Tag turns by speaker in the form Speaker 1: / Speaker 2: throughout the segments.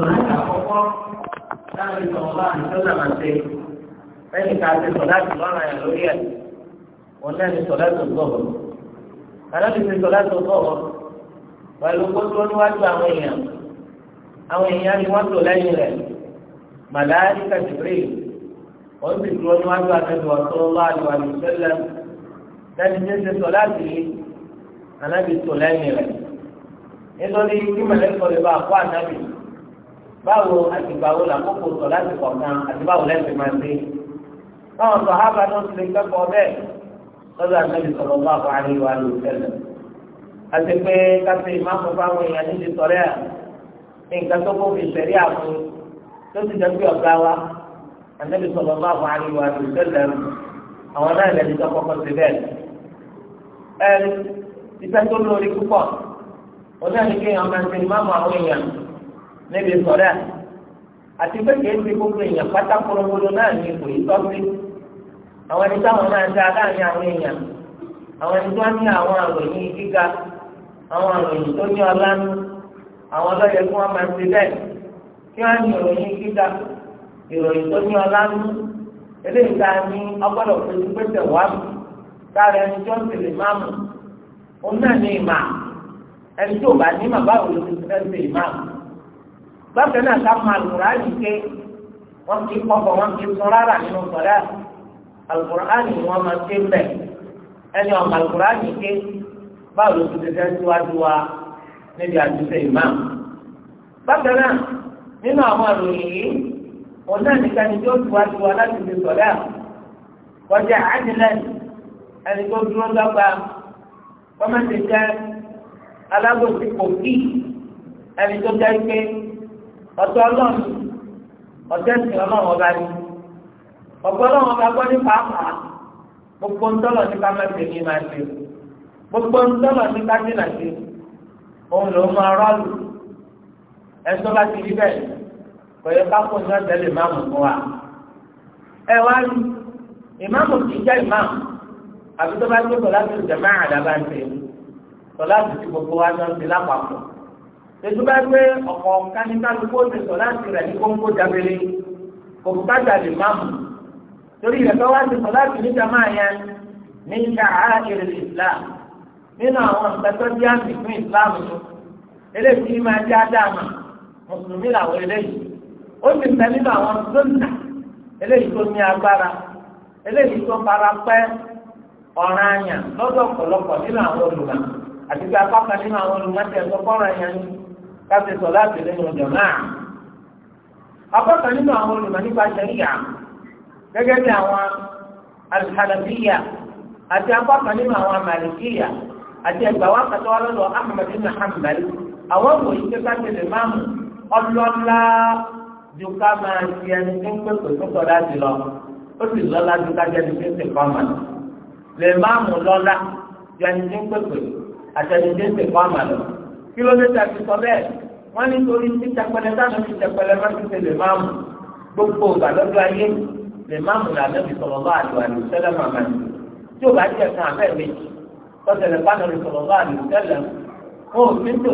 Speaker 1: sọ̀rọ̀ àkọ́kọ́ láti sọ̀rọ̀ bá àdìsọ́là máa ṣe lẹ́yìn ká ti sọ̀rọ̀ láti lọ́rùn àyà lórí ẹ̀ wọ́n náà ní sọ̀rọ̀ láti sọ̀rọ̀ alábi ti sọ̀rọ̀ láti sọ̀rọ̀ pẹ̀lú gbogbo níwájú àwọn èèyàn àwọn èèyàn ni wọ́n tò lẹ́yìn rẹ̀ màláyé kàtìrì wọ́n ti dúró níwájú àtẹ̀jọ́ sọ̀rọ̀ láti àdìsọ́là láti ṣe ṣe sọ̀rọ̀ láti alábi tò lẹ́yìn rẹ̀ nítorí kí mọ̀lẹ́kọ̀ọ́ lè bá àkọ́ àtàbí báwo àtìgbàwo làkókò sọ láti kọ̀ọ̀kan àti báwo lẹ́sìn máa ṣe. báwọn sọ hábà náà ti lè kẹ́kọ̀ọ́ bẹ́ẹ̀ lọ́dọ̀ àtẹ́lẹ̀ sọ̀rọ̀ bá àwọn àríwá ló tẹ̀lẹ̀. àti pé káṣí ìmáàmù fáwọn èèyàn níbi sọ̀rẹ́ à nǹkan tó kó fi ṣẹ̀rí àmú tó ti jẹ́ pé ọ̀gá wa àtẹ́lẹ̀ sọ̀rọ̀ bá àwọn àríwá ló tẹ̀lẹ̀ àwọn náà lẹ́ni tó kọ́kọ́ níbi sọ̀rọ̀ àti pé kìí ṣe gbogbo èèyàn pátá polongodo náà ní ipò yìí tọ́sí àwọn ẹni táwọn máa ń dá láàrin àwọn èèyàn àwọn ẹni tó ní àwọn àròyìn gíga àwọn àròyìn tó ní ọlá nù àwọn ọlọ́yẹ kí wọ́n máa ṣe bẹ́ẹ̀ kí wọ́n ní ìròyìn gíga ìròyìn tó ní ọlá eléyìí bákan náà ká máa lùrá nìké wọ́n ti kọ́kọ́ wọ́n ti sọ rárá nínú sọ̀rọ̀ alukur'ani ni wọ́n máa ké mbẹ̀ ẹni ọ̀ma alukur'ani ké báwo ló ti tẹ̀sẹ̀ síwájú wa níbi àtúnṣe imam. bákan náà nínú àwọn àròyìn yìí òun náà nìkan ni tó síwájú wa láti fi sọ̀rọ̀ kọjá àdìlẹ̀ ẹni tó dúró dọ́gba wọ́n máa ti jẹ́ alábòsí kò kí ẹni tó jẹ́ pé ọ̀tọ̀ ọlọ́run ọ̀tẹ́ sì ọlọ́run ọba ni ọ̀pọ̀ ọlọ́run ọba gbọ́ ní pàápàá gbogbo ńtọ́lọ̀ ní kámẹ́sì ní máa ṣe gbogbo ńtọ́lọ̀ ní kájínà ṣe òun ló máa rọ́ọ̀lù ẹ̀sọ́ bá ti rí bẹ́ẹ̀ kò yẹ kápò ní ọ̀tẹ́ lè má mú fún wa. ẹ wá ní ìmáàmù kì í jẹ́ ìmáàmù àbí tó bá gbé sọ̀lá tó jẹ̀ máa àdàbà ń ṣe sọ̀lá tó ti gbogbo wa náà ń ṣe lápapọ̀ ètò bá gbé ọ̀pọ̀ kánikálukú ó ti sọ láti rẹ̀ ní kóńkó dábẹ́lẹ́ kò bùkátà lè má mú torí rẹ̀ tó ti sọ láti níta máa yẹn ní ìka àákiri Islam nínú àwọn ìtẹ́tọ́ bí á sì fún Islam tó eléyìí máa jẹ́ ádámà mùsùlùmí làwọn eléyìí ó sì ń tẹ nínú àwọn sọ́nà eléyìí tó ní agbára eléyìí tó fara pẹ́ ọ̀ràn àyàn lọ́dọ̀ ọ̀pọ̀lọpọ̀ nínú àwọn olùgbà àti bí apá kan nínú àwọn olùgbà tẹ̀ sọ́kọ́rọ̀ àyàn yìí káṣe sọ láti nínú jọ̀mọ́ à. Akọ́kọ̀ nínú àwọn olùmọ̀ nípa ṣẹ̀ríyà gẹ́gẹ́ bí àwọn alhàlàbíyà àti akọ́kọ̀ nínú àwọn màlìkíyà àti ẹgbà wa kàtó ọlọ́dọ̀ Ahmed ibn Hanbal àwọn ọmọ yìí ká ṣe lè máa mú ọlọ́lá ju ká máa ṣe ẹni tó ń pèpè tó sọ láti lọ ó sì lọ́lá ju ká jẹ́ni tó ń ṣe kọ́mà lè máa mú lọ́lá ju ẹni tó ń pèpè àtẹnudé ń ṣe kọ́mà lọ kí ló dé tàbí sọ bẹ́ẹ̀ wọ́n ní torí títa pẹlẹ táwọn ti tẹ pẹlẹ máa ti tẹlẹ máa mú gbogbo ìgbà lọ́dọ̀ ayé lè máa mú làbẹ fi sọ̀rọ̀ bá àlù àlù sẹ́lẹ̀ màmá ni tí o bá jẹ kan abẹ́ mi tọ́tẹ̀lẹ̀ pàdé fi sọ̀rọ̀ bá àlù sẹ́lẹ̀ ó fi tò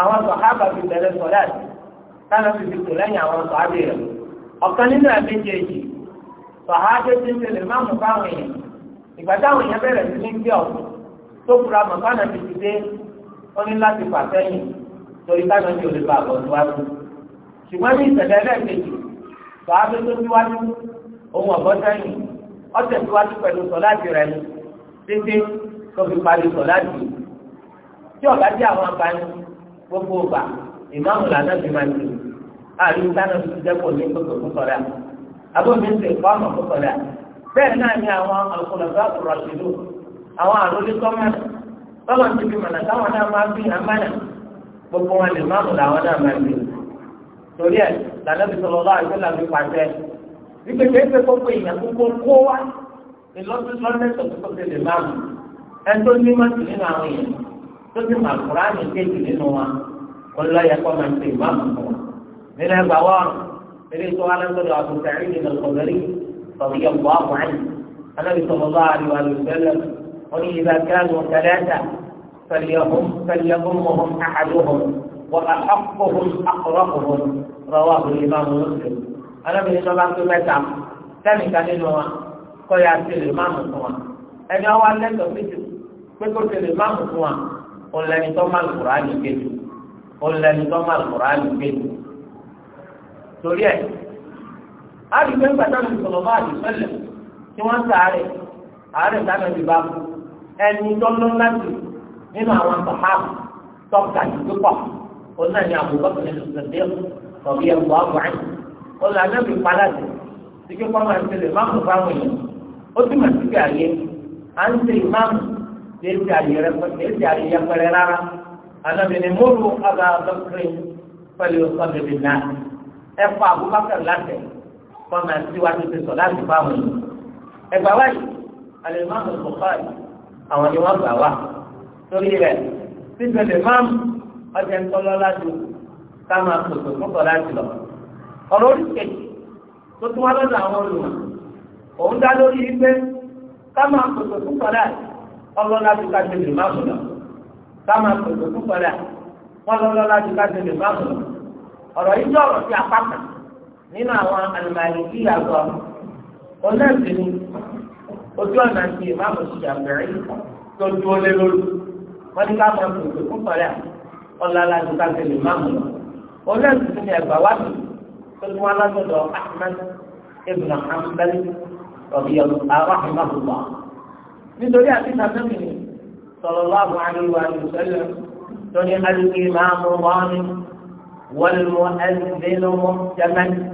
Speaker 1: àwọn sọ̀hábà fi tẹ̀lé sọ̀dá táwọn fi fi tò lẹ́yìn àwọn sọ̀hábì rẹ̀ ọ̀kan nínú àbẹ́jẹ̀jì sọ̀hábì ti tẹ̀lé máa mú fáwọn èèyàn ìgbà táwọn èèyàn bẹ̀rẹ̀ sí ní wọ́n ní láti fà sẹ́yìn torí káyọ̀ ní olè bá àbọ̀ níwájú. ṣùgbọ́n ní ìṣẹ̀lẹ̀ ẹlẹ́ẹ̀kejì sàábé tó síwájú ohun ọ̀bọ̀ sẹ́yìn ọ̀tẹ̀ síwájú pẹ̀lú sọ̀láàtì rẹ̀ ni títí tó fi parí sọ̀láàtì. tí ọ̀gá jẹ́ àwọn abáni gbogbo ọgbà ìmáàmù làná fi máa ti àrùn sáná fi jẹ́ kò ní kókò fún sọ̀rọ̀ àbómi ń sèkọ́ àmọ̀ fún sọ̀rọ̀ bẹ́ẹ̀ náà ni àwọn àkùnrin àwọn àròlé gọ́ọ̀mẹ̀ntì báwọn ti fi mọ̀nà táwọn náà máa fi àmàlà gbogbo wọn lè má mú làwọn náà máa fi torí ẹ̀ lànà bí sọlọ́lá àgbẹ̀là fi pàṣẹ wípé kí ẹgbẹ́ gbogbo èèyàn gbogbo kó wá ní lọ́sọ̀tọ̀ tó ti lè má mú ẹ tó ní mọ́tì nínú àwọn èèyàn tó ti mà kúrá ní kéjì nínú wa ọlọ́yà kọ́ máa ti má mú wọn nínú ẹgbàá wọn ilé tó wà lọ́sọ̀tọ̀ àbùkù ẹ̀rín nínú ọ̀gbẹ̀rí إذا كانوا ثلاثة فليهم فليضمهم أحدهم وأحقهم أقربهم رواه الإمام مسلم أنا من الإمام في متى ثاني كان إنه قياس في الإمام سوا أنا أول لك فيتو فيكو في الإمام سوا قل لن يتوم القرآن كيتو قل لن يتوم القرآن كيتو سوريا هذه من النبي صلى الله عليه وسلم كما سأله هذا كان الإمام ẹni tọ́lọ́ láti nínú àwọn sàhábà tọ́ka ìdúpọ̀ òun náà ni àbúkọ́ ní ìsèdíọ́ tọ̀bí ẹ̀kọ́ àbúrẹ́ òun làná fi padà sí síkí kọ́ máa ń tẹ̀lé máàmù fáwọn èèyàn ó sì mà síkí àyè à ń tẹ̀ máàmù tẹ̀sí àyè rẹ̀ tẹ̀sí àyè yẹn pẹ̀rẹ̀ rárá ànábìnrin mọ́rù ọ̀gá ọ̀dọ́kùnrin pẹ̀lú ọ̀dọ́bìnrin náà ẹ̀fọ́ àbúkọ́ láti kọ́ máa síwájú ti sọ̀ láti fáwọn èèyàn ẹ̀gbà wáyé àlè máàmù bùkárì àwọn ni wọ́n gbà wá torí rẹ̀ sísèlè máàmù ọjà ń tọ́lọ́ lájú ká máa tòtò fúnkọ̀ lọ. ọ̀rọ̀ oríṣiríṣi tó tún wá lọ́dọ̀ àwọn olùmọ̀ òun dá lórí wípé ká máa tòtò fúnkọ̀ ọlọ́ láti ká tẹ̀lé máàmù lọ. ká máa tòtò fúnkọ̀ wọ́n lọ́lọ́ láti ká tẹ̀lé máàmù lọ. ojú ọ̀nà ti ìmáàmù ṣàbẹ̀rẹ̀ tó dúró lé lórí wọ́n ní ká máa fi òkè fún sọ̀rẹ́ ọ̀la láti ká fi lè máàmù lọ. olóòtú ti ní ẹgbà wá mi tó tún wá lọ́sọ̀dọ̀ Ahmad ibn Hanbal ọ̀bí ọ̀rọ̀ àmàlùmọ̀. nítorí àtìsá mẹ́mi sọ̀rọ̀ láàbù àríwá ìṣẹ̀lẹ̀ tó ní alùpùpù máàmù wọ́n ní wọ́n mú ẹ̀sìn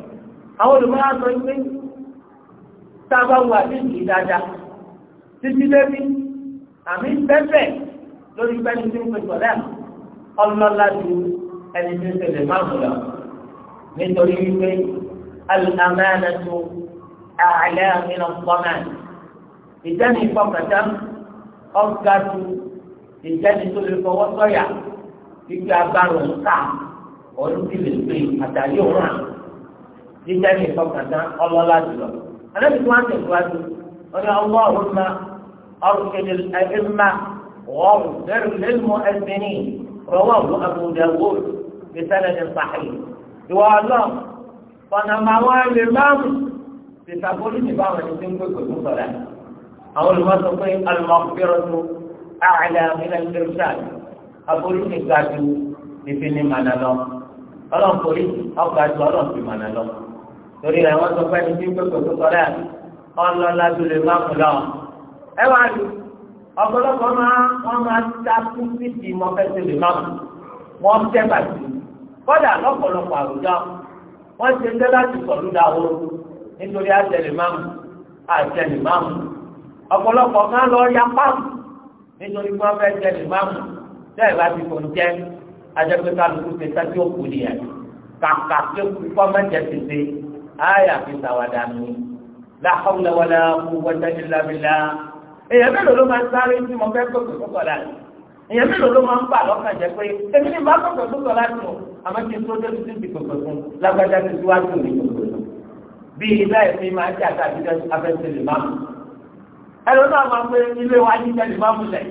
Speaker 1: àwọn olùmọ́ra sọ pé tá a bá wà ní ìdí dáadáa títí lẹ́bí àmì pẹ́pẹ́ lórí pẹ́ni tí ń pè sọ̀rẹ́ ọlọ́lá ju ẹni tí ń tẹ̀lé márùn lọ nítorí wípé alùpàmẹ́rin tó àlẹ́ àmìnà pọ́nà ìjẹ́ni ìfọkàtà ọ̀gá ju ìjẹ́ni tó lè fọwọ́ sọ̀yà ìgbà bá rò ń kà ọ̀rùn ti lè pè àtàlẹ́ òun àná jíjẹ́ ní ìfọkàntán ọlọ́lá jùlọ. Àlẹ́ ìgbà wọn tẹ̀síwájú, wọ́n ní ọwọ́ ọ̀hún máa أرشد الأئمة واغفر للمؤذنين رواه أبو داود بسند صحيح والله فأنا موال الإمام بتقول لي بعض الإنسان كل صلاة أو المسطي المغفرة أعلى من الإرشاد أقول لي قاتل لفين ما نلوم ألم قولي أبقى أجوالهم بما نلوم torí rẹ̀ wọ́n sọ pé ní tí pé kò tó sọ rẹ̀ ọlọ́lá tó lè má mú lọ. ẹ wá lù ọ̀pọ̀lọpọ̀ máa wọ́n máa dákú sí ti mọ́fẹ́sẹ̀ lè má mú wọ́n tẹ́ bàtì kọ́dà lọ́pọ̀lọpọ̀ àwùjọ wọ́n ti tẹ́ láti sọ̀rọ̀ dáwọ́ nítorí àtẹlẹ̀ má mú àtẹlẹ̀ má mú ọ̀pọ̀lọpọ̀ máa lọ ya páàmù nítorí wọ́n fẹ́ tẹlẹ̀ má mú tẹ́ẹ̀ bá ti kò jẹ́ ajẹ́pẹ́ kálukú ti sá tí nìyẹn kàkà tó kú fọ́mẹ́tẹ̀ ti ṣe àyà fi sàwádà mi la hawla wala quwwata illa billah èèyàn mélòó ló máa ń sáré tí mo fẹ́ gbọ́dọ̀ tó kọ̀ láti èèyàn mélòó ló máa ń bà lọ́kàn jẹ́ pé èmi ni màá gbọ́dọ̀ tó kọ̀ láti o àmọ́ kí n tó dé sí ti gbogbo fún lágbájá ti síwájú mi gbogbo fún bí ilé ẹ̀sìn máa ń jẹ́ àtàkìjẹ́ abẹ́sẹ̀ lè máa mú ẹ̀rọ náà máa ń pé ilé wa ní jẹ́ lè máa mú lẹ̀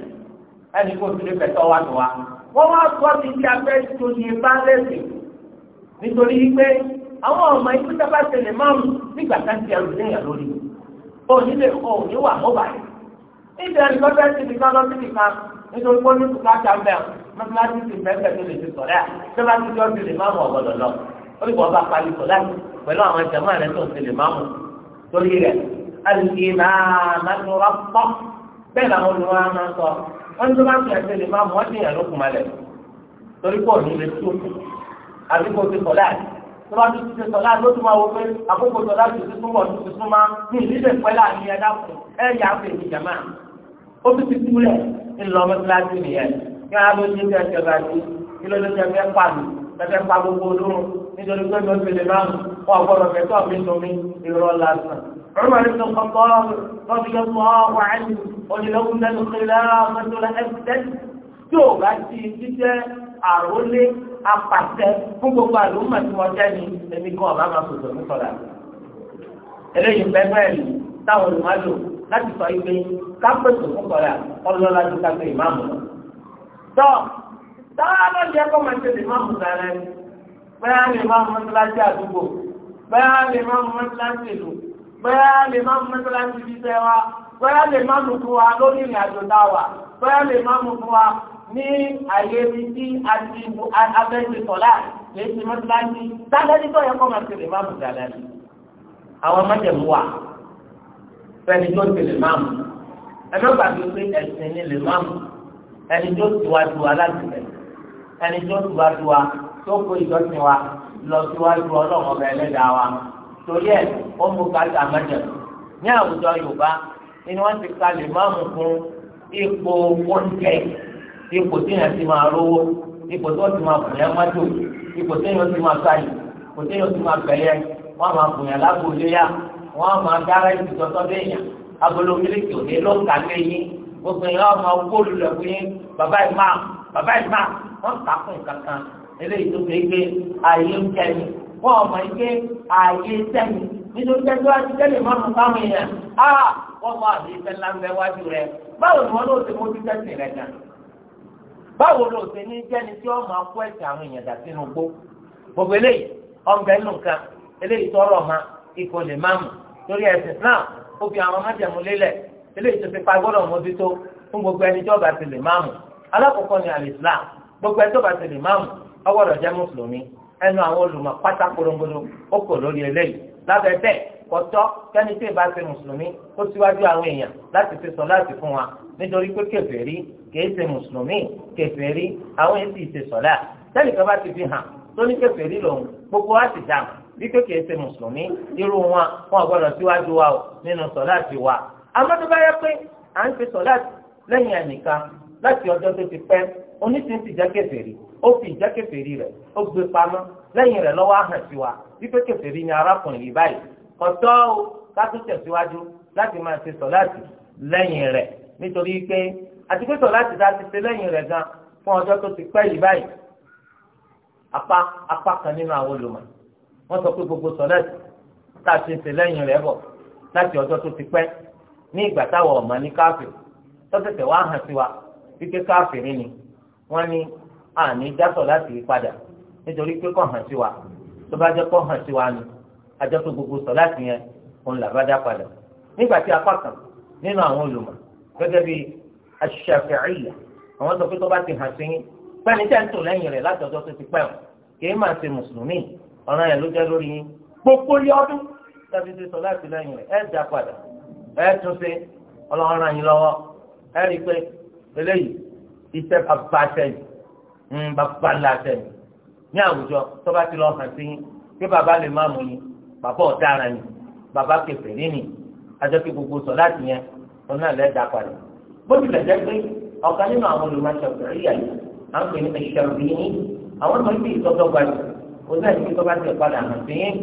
Speaker 1: ẹni kó tilé fẹ̀tọ́ wa tó wa wọ́n wá sọ ti di abẹ́ tó ní ibà lẹ́sìn nítorí pé àwọn ọmọ ikú tá bá tẹlẹ máa mú nígbà tá ti ẹrù lẹ́yìn lórí òní lè kọ òní wà mọ́bà yìí níbi ẹni lọ́fẹ́ ti fi kan lọ́sí nìkan nítorí pé ní kùkà ta bẹ́ẹ̀ mọ́tíláṣí ti bẹ́ẹ̀ tó lè fi sọ̀rẹ́ à tó bá ti jọ́ ti lè máa mọ̀ ọ̀gbọ̀dọ̀ lọ orí kò bá parí sọ̀rẹ́ pẹ̀lú àwọn jàmáà rẹ̀ tó ti lè máa mọ̀ torí rẹ̀ alìkìnnà mẹ́tọ́rọ́ pọ̀ bẹ́ẹ̀ làwọn olùwà máa sọ wọ́n tó bá ti ẹ̀sẹ̀ lè máa mọ̀ ọ́ tó bá tún ti sọ̀lá ló tún máa wọ pé àkókò sọ̀lá tó ti súnmọ́ tó ti súnmọ́ ní ìdílé pẹ́lá ní ẹ̀dá fún ẹ̀yà àfẹ́ mi jàmá. ó tún ti túlẹ̀ ńlọ mọ́tíláṣí nìyẹn kí wọ́n á lọ sí ẹ̀ṣẹ̀ bá ti kí ló ló ti ẹ̀fẹ́ pàdé ẹ̀fẹ́ pa gbogbo olóró nítorí pé mo ti lè máa ń kọ́ ọ̀gbọ́dọ̀ fẹ́ mi nù mí ìrọ̀ lásán. عمر الله عنه قل لولا الخلافة لأفسدت. شوف هاتي كده أرولي apàṣẹ fún gbogbo àlùmọ̀ tí wọ́n jẹ́ ni ẹni kan ọ̀bá máa sọ̀tọ̀ ní sọ̀rọ̀ eléyìí pẹ́pẹ́ rí táwọn olùmọ̀lò láti sọ ibi kápẹ́tù fún sọ̀rọ̀ ọlọ́lá ti ká pé ìmáàmù lọ. tọ́ táwọn alọ́jẹ́ kọ́ máa ṣe lè máa mú sàrẹ́ bẹ́ẹ̀ lè máa mú mọ́tíláṣí àdúgbò bẹ́ẹ̀ lè máa mú mọ́tíláṣí ìlú bẹ́ẹ̀ lè máa mú mọ́tíláṣí ibi tẹ́ wa bẹ́ẹ̀ lè máa mú ní àyè mi tí a ti bu abẹ́gbẹ́ sọ̀lá lè ti mọ́tíláṣí sábẹ́ni tó yẹ kó máa tẹ̀lé máa mú dáadáa ni. àwọn mọ́tẹ̀mú wa fẹ́ni tó tẹ̀lé máa mú ẹni ó gbàgbé pé ẹ̀sìn ni lè máa mú ẹni tó tiwájú wa láti bẹ̀ ẹni tó tiwájú wa tó kó ìjọsìn wa lọ síwájú ọlọ́run ọba ẹlẹ́dàá wa torí ẹ̀ ó mú kájà mọ́tẹ̀mú ní àwùjọ yorùbá ni wọ́n ti kalẹ̀ máa mú fún ipò oúnjẹ ipò téèyàn ti máa rówó ipò tó ti máa fòyà mọ́tò ipò téèyàn ti máa sáyì ipò téèyàn ti máa fẹ̀yẹ wọ́n á máa fòyà lágbóolé yá wọ́n á máa dára ibi tọ́tọ́ déèyàn agolo mílíkì òní ló ń kà léyìn gbogbo yẹn wọ́n máa wó lulẹ̀ fún yín bàbá ìmá bàbá ìmá wọ́n kà fún kankan eléyìí tó fi gbé ààyè ń tẹ̀yìn wọ́n mọ̀ ike ààyè tẹ̀yìn nítorí tẹ́tọ́ àti tẹ́lẹ̀ máa mú wọ́n mọ tẹ́lẹ̀ ńlá báwo ló ṣe ní jẹ́ni tí akwụkwọ máa ahụ ẹ̀sìn àwọn èèyàn dà sínú gbó gbogbo eléyìí ọ̀nbẹ nù kan eléyìí tọrọ ma ikò lè má torí ẹ̀sìn ó fi àwọn májẹ̀mú lélẹ̀ eléyìí tó pa gbọ́dọ̀ mójútó fún gbogbo kọtọ kẹni tí ìbá ṣe mùsùlùmí kó síwájú àwọn èèyàn láti ṣe sọláàtì fún wa nítorí pé kèfèrí kìí ṣe mùsùlùmí kèfèrí àwọn èèyàn sì ṣe sọlá sẹ́ni kan bá ti fi hàn tó ní kèfèrí lòun gbogbo wa ti dàmú wípé kìí ṣe mùsùlùmí irú wọn wọn gbọ́dọ̀ síwájú wa o nínú sọláàtì wa àmọ́ tó bá yẹ pé à ń ṣe sọláàtì lẹ́yìn ẹnìkan láti ọjọ́ tó ti pẹ́ oníṣẹ́ ti jẹ́ kèfèrí kọ̀tọ́ o kátó tẹ̀síwájú láti máa ṣe sọ̀láàtì lẹ́yìn rẹ̀ nítorí pé àti pé sọ̀láàtì tá a ti ṣe lẹ́yìn rẹ̀ gan fún ọjọ́ tó ti pẹ́ yìí báyìí apá apá kan nínú àwọn olùmọ̀ wọ́n sọ pé gbogbo sọ̀láàtì tá a ti ṣe lẹ́yìn rẹ̀ bọ̀ láti ọjọ́ tó ti pẹ́ ní ìgbà táwọn ọ̀mọ́ ní káfíìn tọ́tẹ̀tẹ̀ wá hàn sí wa wípé káfíìn ni wọ́n ní àní dá sọ̀láàtì yìí padà nítorí pé kọ̀ hàn sí wa tó bá jẹ́ kọ̀ hàn sí wa ni àjọpọ̀ gbogbo sọ̀láàtì yẹn òun làbá dá padà nígbà tí apá kan nínú àwọn olùmọ̀ gẹ́gẹ́ bí aṣ-Ṣafi'iyya àwọn sọ pé tó bá ti hàn sí yín pẹ́ni tẹ́ ń tò lẹ́yìn rẹ̀ láti ọjọ́ tó ti pẹ́ ọ̀ kìí máa ṣe mùsùlùmí ọ̀ràn yẹn ló jẹ́ lórí yín gbogbo lé ọdún tàbí ti sọ láti lẹ́yìn rẹ̀ ẹ̀ dá padà ẹ̀ tún ṣe ọlọ́run ràn yín lọ́wọ́ ẹ̀ rí i pé eléyìí iṣẹ́ bàbá sẹ́yìn ń hmm, bàbá ńlá ní àwùjọ tó bá ti lọ hàn sí yín pé bàbá lè má mú yín bàbá ọ̀daràn ni bàbá kẹfẹ́rí ni ajọ́kí gbogbo sọ láti yẹn wọn náà lẹ́ da padà bó tilẹ̀ jẹ́ pé ọ̀kan nínú àwọn olùmọ̀ṣọ̀kẹ́rìyà à ń pè ní ẹ̀ṣẹ̀rìyìn àwọn ọmọ ibi ìtọ́jọ́gba ni oní àyíké tó bá ti padà hàn sí yín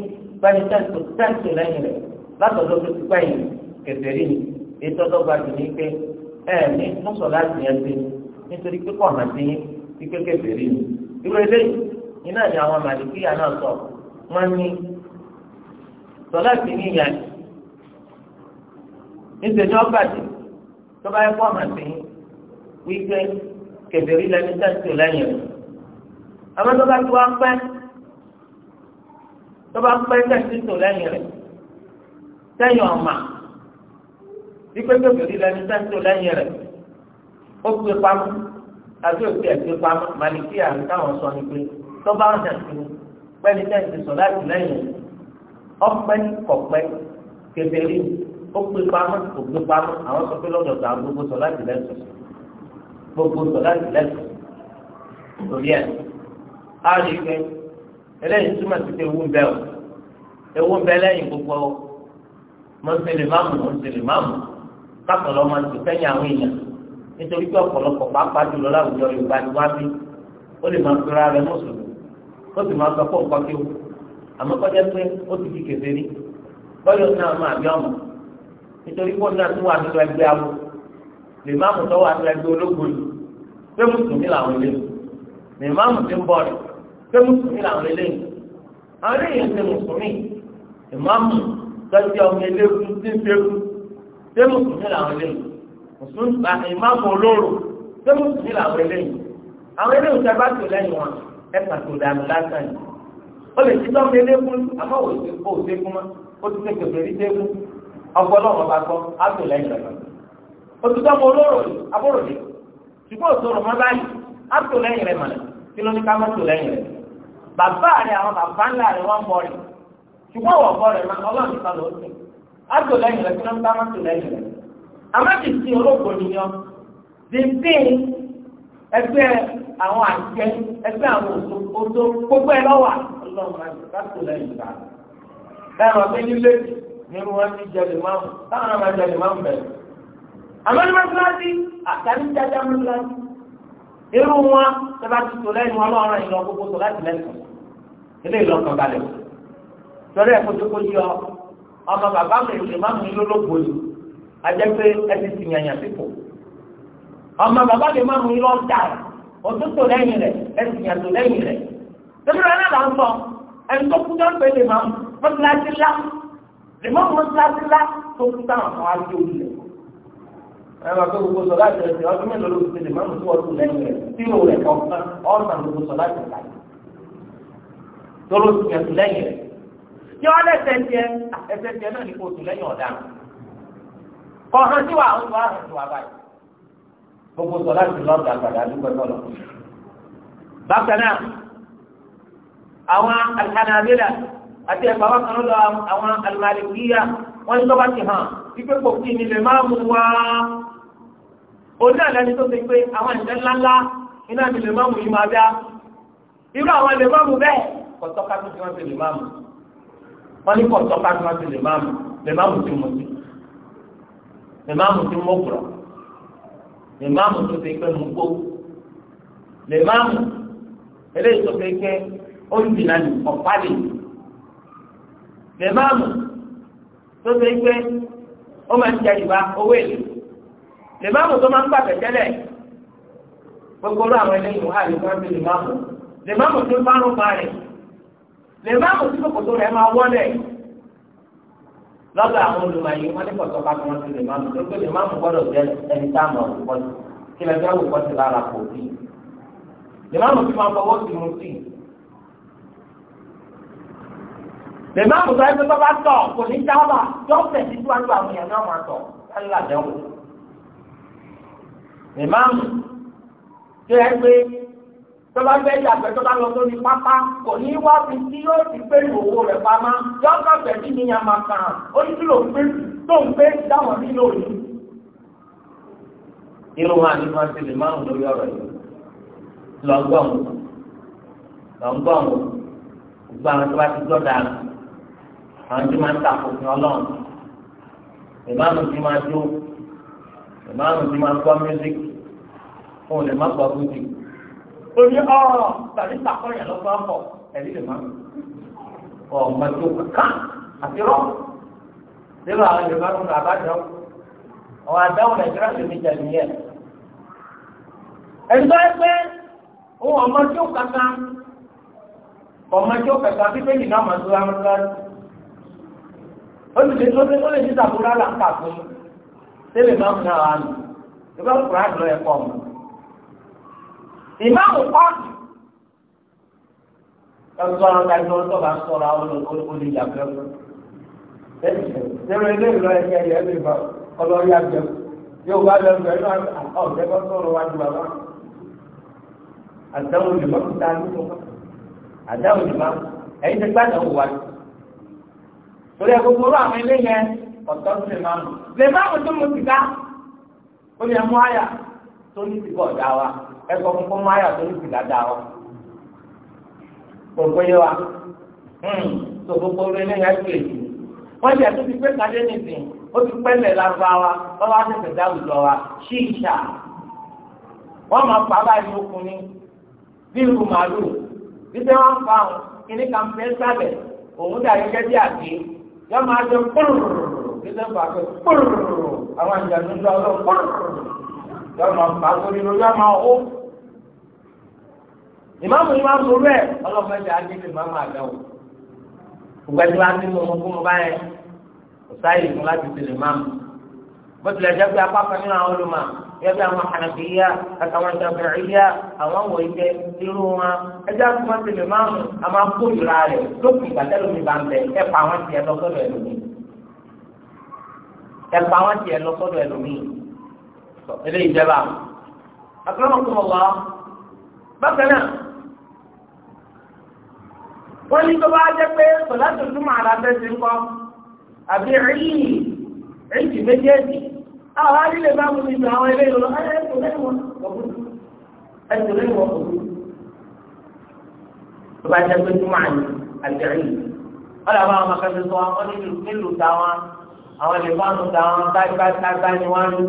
Speaker 1: báyìí tẹ́ǹtù tẹ́ǹtù lẹ́yìn rẹ̀ látọ̀dọ̀ tó ti pẹ́yìn kẹfẹ́rí ni ìtọ́jọ́gba ti ní pé ẹ̀ ní mọ́sọ̀ láti yẹn ti nítorí pé hàn sí yín pípé kẹfẹ́rí ni irú eléyìí iná ni àwọn màlìkíyà náà sọ wọ́n ní sọlá ti ní ìyá ni níṣẹ́ ni wọ́n bàjẹ́ tó bá yẹ kó ọmọ sí wípé kẹfẹ́rí lẹni tẹ́sítì lẹ́yìn rẹ̀ àmọ́ tó bá tó wá pẹ́ tó bá pẹ́ tẹ́sítì lẹ́yìn rẹ̀ sẹ́yìn ọ̀mà wípé kẹfẹ́rí lẹni tẹ́sítì lẹ́yìn rẹ̀ ó gbé pamọ́ àbí òkè ẹ̀gbé pamọ́ màlìkíyà táwọn sọ ni pé tó bá ń tẹ̀sí pẹ́ni tẹ́sítì sọ láti lẹ́yìn rẹ̀ ọpẹ́ kọpẹ́ kẹfẹrí ó gbé pamọ́ kò gbé pamọ́ àwọn sọ pé lọ́dọ̀ tà gbogbo sọ láti lẹsọ gbogbo sọ láti lẹsọ lórí ẹ á rí i pé eléyìí túmọ̀ sí pé ewu ń bẹ o ewu ń bẹ lẹ́yìn gbogbo o mọ̀nsẹ̀lẹ̀ máàmù mọ̀nsẹ̀lẹ̀ máàmù kápẹ̀lọ́ máa ti fẹ́yìn àwọn èèyàn nítorí pé ọ̀pọ̀lọpọ̀ pàápàá jùlọ láwùjọ Yorùbá ni wá bí ó lè máa fi ra rẹ̀ mọ̀sùlùmí ó sì máa sọ fún ọ̀pá kéwù àmọ́ kọjá pé ó ti di kẹfẹ rí bọ́yọ̀ náà máa bí ọmọ nítorí pé náà tún wà nínú ẹgbẹ́ awo lè má mú tọ́wọ́ àti ẹgbẹ́ ológun yìí pé mùsùlùmí làwọn eléyìí lè má mú ti ń bọ̀ rẹ̀ pé mùsùlùmí làwọn eléyìí àwọn eléyìí ń ṣe mùsùlùmí lè má mú tọ́jú ọmọ eléyìí tí ń ṣerú pé mùsùlùmí làwọn eléyìí mùsùlùmí ìmáàmù olóró pé mùsùlùmí làwọn eléyìí àwọn eléyìí ń bá tó lẹ́yìn wọn ẹ̀ pàtó dànù lásán yìí ó lè ti tọ́jú elékún àmọ́ ò sí kó o sí kún mọ́ ó ti tẹ̀kẹ̀ fèrè tẹ́kún ọgbọ́lọ́wọ́ bá gbọ́ á tó lẹ́yìn rẹ̀ ó ti tọ́jú olóró abóró ni ṣùgbọ́n òṣòro mọ́ báyìí á tó lẹ́yìn rẹ̀ mọ̀lẹ́ kí ló ní ká má tó lẹ́yìn rẹ̀ bàbá rẹ̀ àwọn bàbá ńlá rẹ̀ wọ́n bọ̀ rẹ̀ ṣùgbọ́n wọ̀ bọ̀ rẹ̀ máa ọlọ́run nìkan ló sùn á tó lẹ́yìn rẹ̀ kí ló ń ká má tó lẹ́yìn rẹ̀ àmọ́ ti sin olóògbé nìyàn dídín ẹgbẹ́ àwọn àjẹ ẹgbẹ́ àwọn òṣò gbogbo ẹ lọ́wọ́ lọ́wọ́ máa ń kátó lẹ́yìn ìgbà. Táwọn àgbẹ̀ nílé nínú wọn ti jẹ lè máa mú táwọn àmà jẹ lè máa mú bẹ̀rẹ̀. Àmọ́ ní mọ́sálásí àtàrí jájá mọ́sálásí. Irú wọn tó bá ti tò lẹ́yìn wọn lọ́rùn ìlọ gbogbo tó láti lẹ́sùn. Ilé ìlọ́kàn balẹ̀. Sọ̀rọ̀ ẹ̀ kojú kojú ọ, ọmọ bàbá mi lè má mú ilé olóògbò yìí. Àjẹ́ pé ẹ ti ti yànyàn sípò. Ọmọ bàbá mi má mú ilé ọ̀ tẹ̀síra náà là ń sọ ẹni tó kú jọ́ pé lè máa mọ́tíláṣí ńlá lè mọ́ mọ́tíláṣí ńlá tó kú táwọn àwọn ajé olùlẹ̀. ẹ máa tó gbogbo sọlá ìṣẹ̀lẹ̀ sí ọdún mélòó ló ti lè máa mú sí ọdún lẹ́yìn rẹ̀ tí ìrò rẹ̀ kọ̀ọ̀kan ọ̀sán gbogbo sọlá ìṣẹ̀lẹ̀ tóró ti ẹ̀sùn lẹ́yìn rẹ̀ yọ ọlẹ́sẹ̀ tiẹ̀ ẹsẹ̀ tiẹ̀ náà ní kó tù lẹ́yìn ọ̀daràn kọ̀ọ̀kan tí wàá ń wá àrùn tó wà báyìí gbogbo sọlá ìṣẹ̀lẹ̀ ọ̀dà àgbàdo àdúgbò bákan náà àwọn alhanabila àti ẹgbàá kan lọ àwọn alimalikiya wọn ní tó bá ti hàn wípé kò kí ni lè máa mú wá oní àdáni tó ti pé àwọn ìṣẹ́ ńláńlá iná ni lè máa mú yìí máa dá irú àwọn lè máa mú bẹ́ẹ̀ kọ̀tọ́ká tó ti wọ́n ti lè máa mú wọ́n ní kọ̀tọ́ká tó ti lè máa mú lè máa mú ti mú sí lè máa mú ti mú kúrọ̀ lè máa mú tó ti pé mú gbó lè máa mú eléyìí tó ti pé oúnjẹ náà ní ọ̀pálì lẹ́máàmù tó ṣe pé ó máa ń jẹ ìwà owó èlé lẹ́máàmù tó máa ń gbàgbẹ́ tẹ́lẹ̀ gbogbo ọ̀rọ̀ àwọn ẹlẹ́yìn wà ní wọ́n fi lẹ́máàmù lẹ́máàmù tó bá rún pa rẹ̀ lẹ́máàmù tí kòkòtò rẹ̀ máa wọ́lẹ̀ lọ́dọ̀ àwọn olùmọ̀ye wọn ní kọ̀tọ̀ bá wọn ti lẹ́máàmù tó pé lẹ́máàmù gbọ́dọ̀ jẹ ẹni táwọn ọ̀rùn pọ̀ sí kí lẹ́gbẹ́ àwòkọ́ ti lára kò sí lẹ́máàmù tí wọ́n fọwọ́ sí mu sí i bẹ̀rẹ̀ máa mùsọ̀ ẹgbẹ́ bábá tọ̀ kò ní dábàá yọ tẹ̀sí síwájú àwọn èèyàn náà máa tọ̀ láyé àdánwò. bẹ̀rẹ̀ máa mù tó yẹ pé tọ́ba fẹ́ yàgbẹ́ tọ́ba lọ sórí pápá kò ní wá fi tí yóò ti pé ìwòwò rẹ̀ pamá yọ kàfẹ́ tí mi yàn máa kàn án ó ní kí pé tó ń pé dáwọn sí lónìí. irun wa ni wọ́n ti lè máa ń lórí ọ̀rọ̀ yìí lọ́gbọ̀n lọ́gbọ̀n gbọ́n tó bá ti gbọ́ dára àwọn tí máa ń tàkùnkùn ọlọ́run ìmáàmù tí máa jó ìmáàmù tí máa gbọ́ mísíkì òun lè má gbọ́ bùtì. orí ọ̀rọ̀ tàbí tàkọ́yà lọ́gbà pọ̀ ẹ̀rí lè má ọ̀ máa jó kankan àti rọ́ nínú àwọn ìmáàmù àbájọ àwọn àdáwọn nàìjíríà lè mi jẹ nìyẹn. ẹ̀rí tó ẹ pé òun ọmọ jó kankan ọmọ jó kankan bíbélì náà máa tó amúlọ́dún ó lè tó lé ó lè ní sàkúrà là ń kà fún un tẹ́lẹ̀ máa ń náà wà nù ìgbà kúrò àdúrà ẹ̀kọ́ mọ́. ìmáàmù pààkì ẹ̀sọ́ àwọn ọ̀gájọ́ tó bá ń sọ̀rọ̀ àwọn olùyàgbẹ́ fún. ẹ̀rọ ilé ìlọ ẹ̀yẹ ẹ̀yẹ lè bá ọlọ́rí àgbẹ̀ yóò bá lọ bẹ̀rẹ̀ náà ọ̀gbẹ́ bá sọ̀rọ̀ wájú torí ẹ gbogbo ọ̀rọ̀ àwọn ilé yẹn ọ̀tọ̀ sí lè máa mú lè máa mú tó mú sìgá ó lè mú àyà tó ní sìgá ọ̀dà wa ẹ sọ fún fún mú àyà tó ní sìgá dá wa hmm, gbogbo yẹ wa tó gbogbo ọ̀rọ̀ ilé yẹn tó lè jù wọ́n jẹ́ tó ti pé kadé nìsín ó ti pẹ́lẹ̀ lárúbáwá wọ́n wá tẹ̀sẹ̀ dáwùjọ wa ṣíṣà wọ́n máa pa báyìí lókunrin bí irú màálù bí tẹ́ wọ́n fa àwọn kìnnìkan fẹ́ sálẹ̀ òun dàrí gẹ́gẹ́ bí àgbé yọ máa jẹ pọ́rọ̀rọ̀ nígbà pàṣẹ pọ́rọ̀rọ̀ àwọn ìjàdù ń lọ pọ́rọ̀rọ̀ yọ máa bá sórí lórí yọ máa ó. ìmáàmù yìí máa ń sọ̀rọ̀ ẹ̀ ọlọ́mọ ẹ̀jẹ̀ á dín ìmáàmù àdáwò. ìgbẹ́jú wa ti mú ọmọ fún mi báyẹn kò sáyè fún láti tẹ̀lé máàmù. bó tilẹ̀ jẹ́ pé apá kan nínú àwọn olùmọ̀ yẹbi àwọn ànàbíyá àtàwọn ìjàmbẹ̀rẹ̀yà àwọn wòye irú wọn ẹjẹ́ àtúmọ̀ ti lè máa mú àmọ́ kórìíra rẹ̀ lókùn ìgbàdẹ́rù mi bá ń bẹ̀ ẹ pa àwọn tiẹ̀ lọ sọ́dọ̀ ẹlòmíì ẹ pa àwọn tiẹ̀ lọ sọ́dọ̀ ẹlòmíì ilé ìjẹba àkàràmọ̀kùnmọ̀wá bákan náà wọ́n ní tó bá jẹ́ pé sọ̀lá tuntun màrà àbí rí àwọn alílẹ̀ bá mú ìgbà àwọn ilé ìrọ̀lọ́ ẹ̀kùn lẹ́yìn wọn ọ̀gbùn tó bá jẹ́ pé túmọ̀ àyè àjẹrí ọ̀là bá wọn kẹfẹ́ sọ wọn nílùú nílùú táwọn àwọn ilé fáwọn táwọn bá ní wọn lù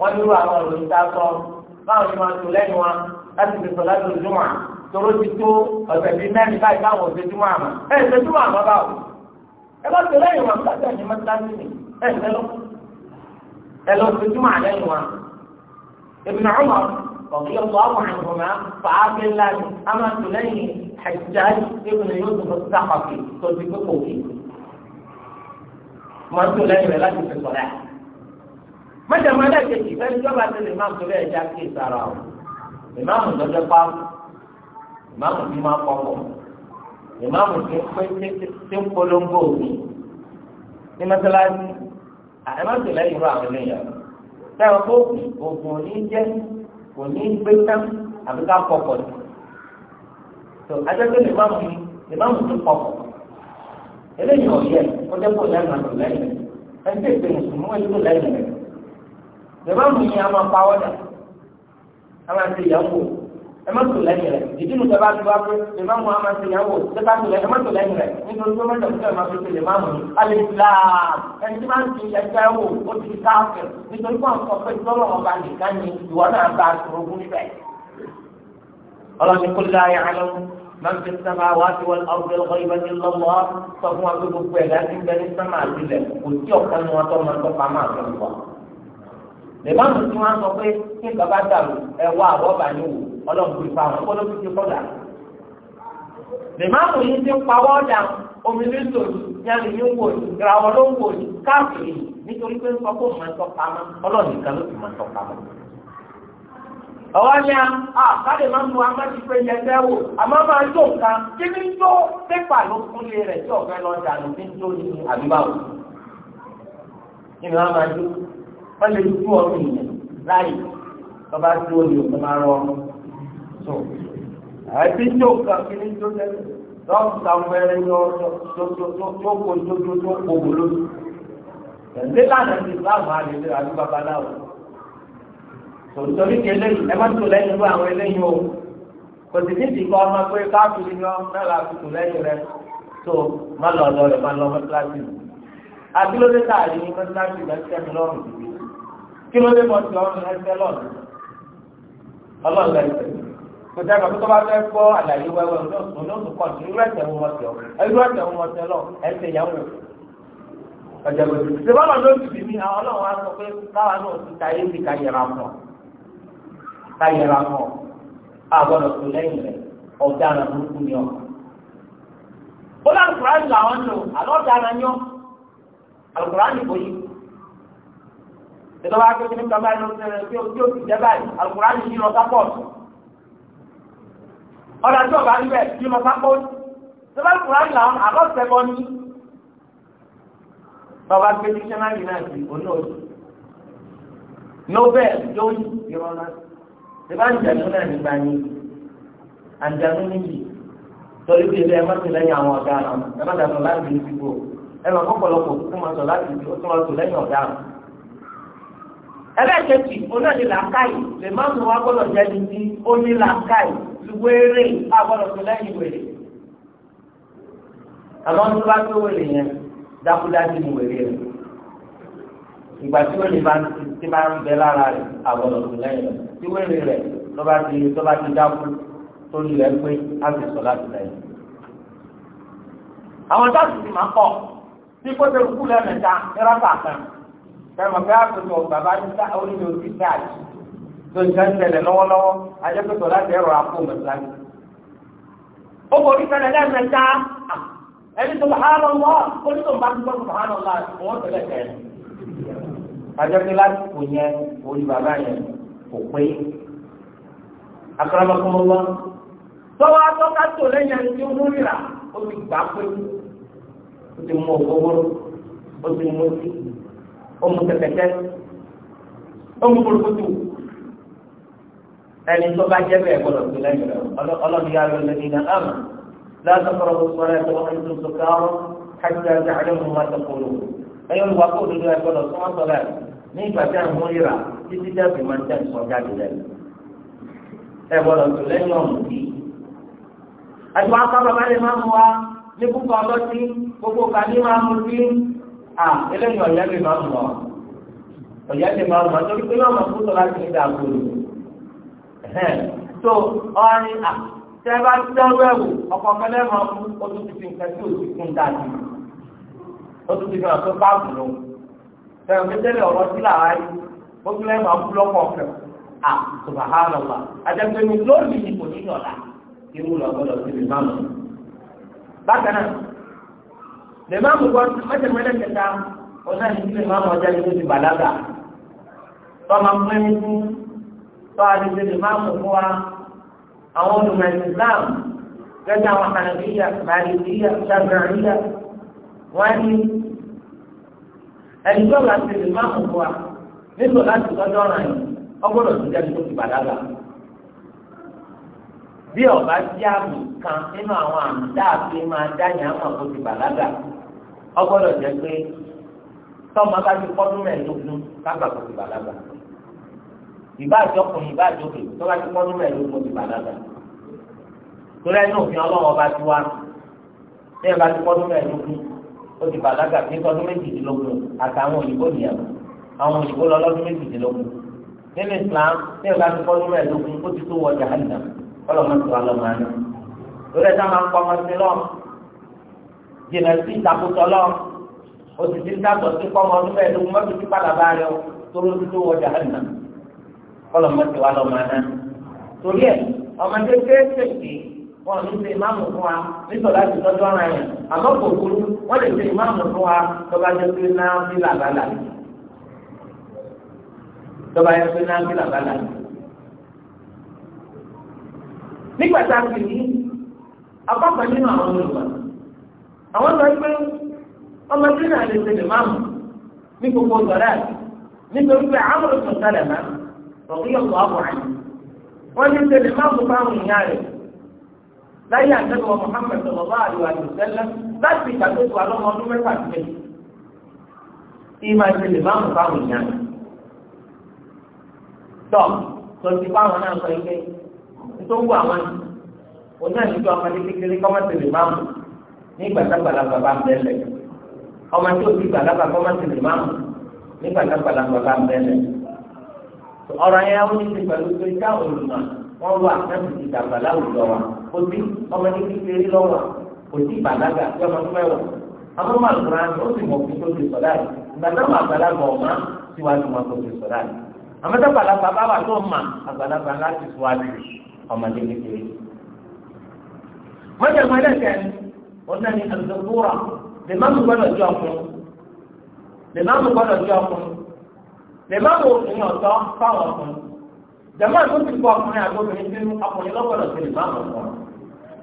Speaker 1: wọn nílùú àwọn òròyìn tá sọ báwọn ni wọn tò lẹ́yìn wọn láti fi sọ láti ojúmọ̀ tóró ti tó ọ̀sẹ̀ bíi mẹ́rin báyìí báwọn òṣè túmọ̀ àmọ́ ẹ̀ ṣe àmọ́ báwo ẹ bá tò lẹ́yìn wọn قالوا في الجمعة لأنه ابن عمر رضي الله عنهما فعاد لله أما تلين حجاج ابن يوسف الثقفي قلت في قوتي ما تلين لك في الصلاة متى ما لا تجي فإن جبت الإمام تلين جاء في سارة الإمام الذي قال الإمام الذي ما قاله الإمام الذي قلت في قلنبوه في مثلا àdàmà tó lẹ́yìn irú àwọn ènìyàn sẹ́wọ̀n kó oògùn òní jẹ́ òní gbé tán àbí ká kọ̀kọ̀ ní. tó adẹ́gbẹ́ lè má mú lè má mú tó kọ̀kọ̀ eléyìí ọ̀yẹ́ ó dẹ́kun lẹ́yìn àtò lẹ́yìn ẹni tó ètò ìsúnmọ́ ẹni tó lẹ́yìn rẹ̀ lè má mú yín a máa pa ọ́dà a máa ti yàgò ẹ má tó lẹ́yìn rẹ̀ ìdí mi tẹ́lá ti wá pé lè má mú àmà ṣe ìyàwó tẹ́lá tó lẹ́yìn ẹ má tó lẹ́yìn rẹ̀ nítorí pé mọ́tò tó ẹ̀ máa fi ṣe lè má mú alẹ́ islam ẹni tí máa ń fi ẹgbẹ́ wò ó ti káfẹ́ nítorí pé àwọn ọ̀pẹ ìtọ́lọ̀ ọba nìkan ni ìwọ náà bá a sọ̀rọ̀ ogún níbẹ̀. ọlọ́ni kò láyé àlọ́ máa ń fi sábà wá sí wọn ọ̀gbẹ́ ọkọ̀ ibà lèmọ́nù tí wọ́n sọ pé kí nǹkan dàrú ẹ̀wọ́ àwọ̀ ọ̀bà ni wò ọlọ́run kò fa àwọn ọlọ́run ti yìí ti pawọ́ dà omi ní ní wò ní ló ń wò ní káàkiri nítorí pé ń sọ pé òun pamọ́ a káde máa ń amá ti pé yẹn wò àmọ́ máa nǹkan kí wọ́n lè tú ọdún ìyẹn láyé tó bá tú omi òkú máa rọ so àti tí ó kà kí ní tó jẹ́ lọ́wọ́ sàmúẹ́rẹ́ yọ tó kó tó tó tó kó wò lórí ẹ̀lẹ́ lánàá ti láàmú àlejò àti babaláwo tòótọ́rí kẹlẹ́ ẹ má tó lẹ́yìn ló àwọn eléyìí o kò sì ní ìdìkọ́ ọmọ pé káàkiri ni ọmọ náà láti tò lẹ́yìn rẹ tó má lọ lọ rẹ má lọ mọ́ kíláàsì àbí lóde káàdì ní mọ́ lọ́sẹ̀ mi lọ́rùn tìbí kí ló dé mọ́tò ọ̀run ẹsẹ̀ lọ́nà ọlọ́ọ̀lá ẹsẹ̀ kò dábàá tó bá fẹ́ gbọ́ àlàyé wẹ́wẹ́ olóòtú kọ́ ní irú ẹsẹ̀ wọn mọ́tò irú ẹsẹ̀ wọn mọ́tò lọ ẹsẹ̀ ìyàwó ọ̀jọ̀gbọ̀n ìṣèbọ̀lọ̀ ló ti bìbí àwọn ọlọ́run á sọ pé káwa náà ti ta ayé bí ká yẹra mọ́ ká yẹra mọ́ àgbọ̀dọ̀ tó lẹ́yìn rẹ̀ ọ̀daràn burúkú ni ọ̀ ó lálùkùránì làwọn lò àlọ́ ọ̀daràn yọ àlùkùránì kò yí ètò bá pé kíní kàmá ẹni ọ̀sẹ̀ rẹ̀ tí ó ti jẹ́ báyìí alukóra ni yìí lọ sápọ̀tù ọ̀dà tí ọ̀gá rí bẹ̀ yìí lọ sápọ̀tù tó bá alukóra ni làwọn àgọ́sẹ̀ bọ́ ní. bàbá gbé dísẹ́nárì náà sí onóòtú nobel lóyún ìrọ̀lá ìbá ń jẹ̀dún náà nígbà yín àǹjẹ̀dún níbi torí bí ilé ẹ̀mọ́tò lẹ́yìn àwọn ọ̀daràn ẹ̀mọ́tò láti ìdìbò ẹ̀mọ́ ẹlẹ́ẹ̀kejì onáàdì làákàyè lè máa mú wa gbọ́dọ̀ jẹ́ni tí ó ní làákàyè wéré agbọ́dọ̀ tó lẹ́yìn wèrè àwọn tó bá tó wèrè yẹn dákúdájú ni wèrè rẹ̀ ìgbà tí wèrè bá ti bá ń bẹ lára rẹ̀ agbọ́dọ̀ tó lẹ́yìn rẹ̀ tí wèrè rẹ̀ tó bá ti tó bá ti dákú tó lulẹ̀ pé á sì sọ láti lẹ́yìn. àwọn táàsì ti máa kọ́ bí kó tẹ kú lẹ́mẹ̀ta ní rákà kan sẹ́mi ọ̀gá àtúntò bàbá ní sá onídìí òsì káàdì tó ń jẹ́ ń tẹ̀lé lọ́wọ́lọ́wọ́ ajẹ́pẹ̀tọ̀ láti ẹ̀rọ àpò mẹ́sàn-án. ó borí sẹ́lẹ̀ lẹ́ẹ̀mẹ́ta ẹni tó bàhánà lọ oní tó bá ń gbọ́ tó bàhánà lọ wọ́n tẹ̀lé tẹ̀lé. ajẹ́pẹ̀ láti kò yẹn orí bàbá yẹn kò pé. akọ́lámọ́kọ́mọ́ wọn tọ́wọ́ atọ́ka tó lẹ́yìn ẹni tí ó mú ó ti gbà pé ó ti mú òkú ọmọ kẹ̀kẹ́kẹ́ ọmọ kòlòkòtò ẹni tó bá jẹ́ bẹ́ẹ̀ gbọ́dọ̀ sí lẹ́yìn rẹ̀ ọlọ́dún yára lẹ́ni náà àmà látọ̀kọ̀rọ̀ gbogbo rẹ̀ tó wọ́n tó sọ̀kà ọ̀rọ̀ kájà àjàlẹ̀ mú wá tọ̀kọ̀rọ̀ ẹ̀yọ́ ìwà kó dodo ẹ̀ gbọ́dọ̀ sọ́mọ́ sọ̀rọ̀ ní ìgbà tí àwọn ìrà títí dẹ́bi máa ń tẹ̀ sọ eléyìí ọ̀yá lè máa mọ̀ ọ̀yá lè máa mọ̀ torí pé yóò máa kú sọ láti nígbà àgbòrò tó ọrin à tẹ bá dánwó ẹwù ọkọ ọmọdé máa mú ojú títí nǹkan tí òsì kún dàdí ojú títí náà tó bá bùrù tẹ̀wọ̀n pétérì ọ̀rọ̀ sí làwọn ayé gbogbo ẹ̀ máa ń bú lọ́kọ̀ ọ̀fẹ́ à subhanallah àjẹpẹ́ni lórí ìdìbò nínú ọ̀la irú lọ́gbọ́dọ̀ sí ìbámu bákan náà lè má mú wọn mẹsẹmọ ẹlẹkẹta ọ̀nà ìdílé má mọ ọjà ní oṣù bàlágà tọ́mà pín fún tọ́ àdìsẹ́ lè má mú fún wa àwọn olùmọ̀ Islam gẹ́gẹ́ àwọn kànàbíyà màlìbíyà sàgbàríyà wọ́n ní ẹni tó bá ti lè má mú fún wa nílò láti tọ́jú ọ̀ràn yìí ọgbọ́dọ̀ tó jáde tó ti bàlágà bí ọba jẹ́ àmì kan nínú àwọn àmì dáàbí máa dáyà àmọ̀ tó ti bàlágà ọgbọ́dọ̀ jẹ́ pé tọ́mọ ká ti pọ́dún mẹ́ẹ̀ẹ́dógún kágbà kò ti bàlágà ìbá àjọkùnrin ìbá àjọkùnrin tó bá ti pọ́dún mẹ́ẹ̀ẹ́dógún kò ti bàlágà torí ẹni òfin ọlọ́run ọba ti wá ní ẹ̀ bá ti pọ́dún mẹ́ẹ̀ẹ́dógún ó ti bàlágà ní tọdún méjìdínlógún àtàwọn òyìnbó nìyẹn àwọn òyìnbó lọ lọ́dún méjìdínlógún nínú Islam ní ẹ̀ bá ti pọ́dún mẹ́ẹ̀ẹ́dógún ó ti tó wọ jahannam ọlọ́mọ jìnnà sí ìtàkùtọ̀ lọ oṣù tí ń dàgbọ̀ sí kọ́mọ ọdún bẹ́ẹ̀ lógún mọ́tò tí padà bá rẹ o torí oṣù tó wọ jàǹdà kọ́lọ̀ mọ́tò wa lọ́ọ́ máa ná. torí ẹ ọmọdé kéékèèké wọn ní ṣe ìmáàmù fún wa nítorí láti tọ́jú ara yẹn àmọ́ kò burú wọ́n lè ṣe ìmáàmù fún wa tó jẹ́ pé náà ń bí làbálà tó jẹ́ pé náà ń bí làbálà. nígbà tá a sì ní apá kan nínú àwọn olùwàsí àwọn sọ pé ọmọ tí náà lè ṣe lè máa mú ní gbogbo ìgbàlá nítorí pé àwọn ọ̀sán sálẹ̀ máa ọ̀gbìn ọ̀pọ̀ àbọ̀ràn wọ́n ní ṣe lè máa mú báwọn ìyá rẹ̀ láyé àtẹ́wọ̀ Muhammad sọ̀rọ̀ àlùwà ìṣẹ́lẹ̀ láti ìgbàgbọ́sọ alọ́mọ ọdún mẹ́fà sí méjì ìmọ̀ ṣe lè máa mú báwọn ìyá rẹ̀ tọ́ tọ́jú báwọn náà sọ ilé nítorí àwọn ọ̀nà ìjọ kékeré kọ́mọ́tì lè máa mú nígbà tá gbàlagbà bá ń bẹ́lẹ̀ ọmọ tí o ti gbàlagbà kọ́ máa ti lè máa mú nígbà tá gbàlagbà bá ń bẹ́lẹ̀ ọ̀rọ̀ yẹn wọ́n ti pẹ̀lú pé ká olùmọ̀ wọ́n wà láti ti dàgbà láwùjọ wa kò sí ọmọ ní kékeré lọ́wọ́ kò sí gbàlagbà tí ọmọ tó mẹ́wọ̀ àwọn ọmọ àgbà ó sì mọ̀ fún tó ti sọ̀dá yìí ìgbà náà wà gbàlagbà ọ̀ma síwájú tó ti sọ̀dá yìí àmọ́ tá gbàlagbà bá wà tó mà àgbàlagbà láti síwájú ọmọdé kékeré. mọ́jà mọ́ ẹlẹ́sẹ̀ ọ̀nà ni àlùzọ̀kúrà lè má mú gbọ́dọ̀ jọ ọkùnrin lè má mú gbọ́dọ̀ jọ ọkùnrin lè má mú òkùnrin ọ̀tọ́ fáwọn ọkùnrin jàmbá tó ti kọ ọkùnrin àgbọ̀bìnrin sínú ọkùnrin lọ́gbọ̀dọ̀ sí lè má mú ọkùnrin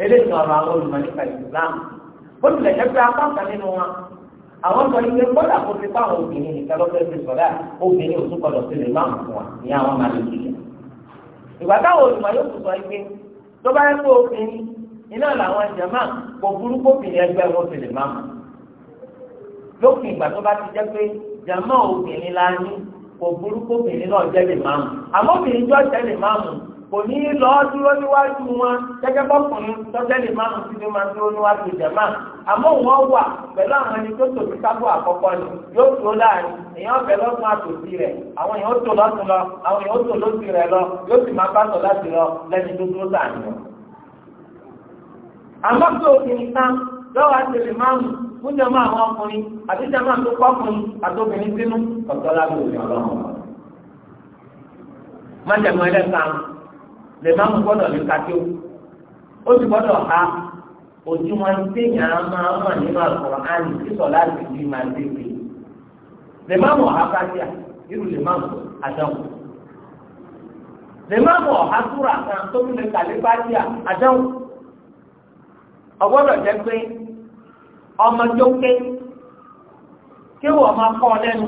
Speaker 1: eléyìí ọ̀rọ̀ àwọn olùmọ̀ nípa ìsìláàmù bó tilẹ̀ jẹ́ pé apá kan nínú wọn àwọn kan ní pé gbọ́dọ̀ kó ti bá àwọn obìnrin nìkan lọ́fẹ́ ti sọ̀rọ̀ obìnrin ò tún gbọ́dọ̀ sí lè máa ń fún wa ní àwọn máa lè jìyà. ìgbà táwọn olùmọ̀ yóò sọ pé tó bá yẹ kó obìnrin iná làwọn jàmá kò burúkú obìnrin na wọn fi lè má mọ̀ lópin ìgbà tó bá ti jẹ́ pé obìnrin la ní kò burúkú obìnrin náà jẹ́ lè má mọ̀ àmọ́ obìnrin tó jẹ́ lè mọ̀ kò ní lọ dúró níwájú wọn gẹ́gẹ́ bọ́kùnrin lè mọ̀ máa dúró níwájú àmọ́ wọn wà pẹ̀lú àwọn ẹni tó sábò àkọ́kọ́ ni yóò tó láàrin èèyàn lọ àwọn èèyàn tó rẹ̀ lọ yóò sì máa bá lọ lẹ́ni tó tó àmọ́tò obìnrin kan lọ́wọ́ àtẹlẹ márùn fún jama àwọn ọkùnrin àti jama tó kọkùnrin àtòbìnrin sínú ọ̀tọ̀ lábẹ́ òfin ọlọ́run. májàmú ẹlẹ́sàn lè máa ń gbọ́dọ̀ ní kájú ó sì gbọ́dọ̀ ha òdiwọ̀n téèyàn máa ń wà nínú àkùrọ̀ àní sísọ láti fi máa ń tètè. lè máa mọ̀ ha kájà irú lè máa mọ̀ àdáwò. lè máa mọ̀ ha túra kan tó fi lè kàlẹ́ bá díà àdáwò ọgbọ́dọ̀ jẹ́ pé ọmọ tó ké kí wọ́n máa kọ́ lẹ́nu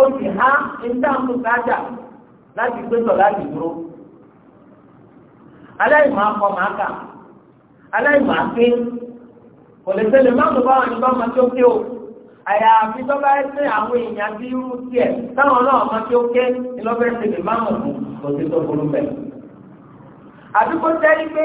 Speaker 1: ó sì há ìdáhùn kájà láti gbẹ́tọ̀ láti dúró aláìmọ̀ akọ màá kà aláìmọ̀ aké kò lè ṣẹlẹ̀ má tó bá wọn ní bá ọmọ tó ké o àyàfi tó bá ṣe àwọn èèyàn bí irú tiẹ̀ táwọn náà ọmọ tó ké ni lọ́fẹ́ ṣẹlẹ̀ má mọ̀ kò sí tó burú bẹ́ẹ̀ àdúgbò sẹ́yìn pé.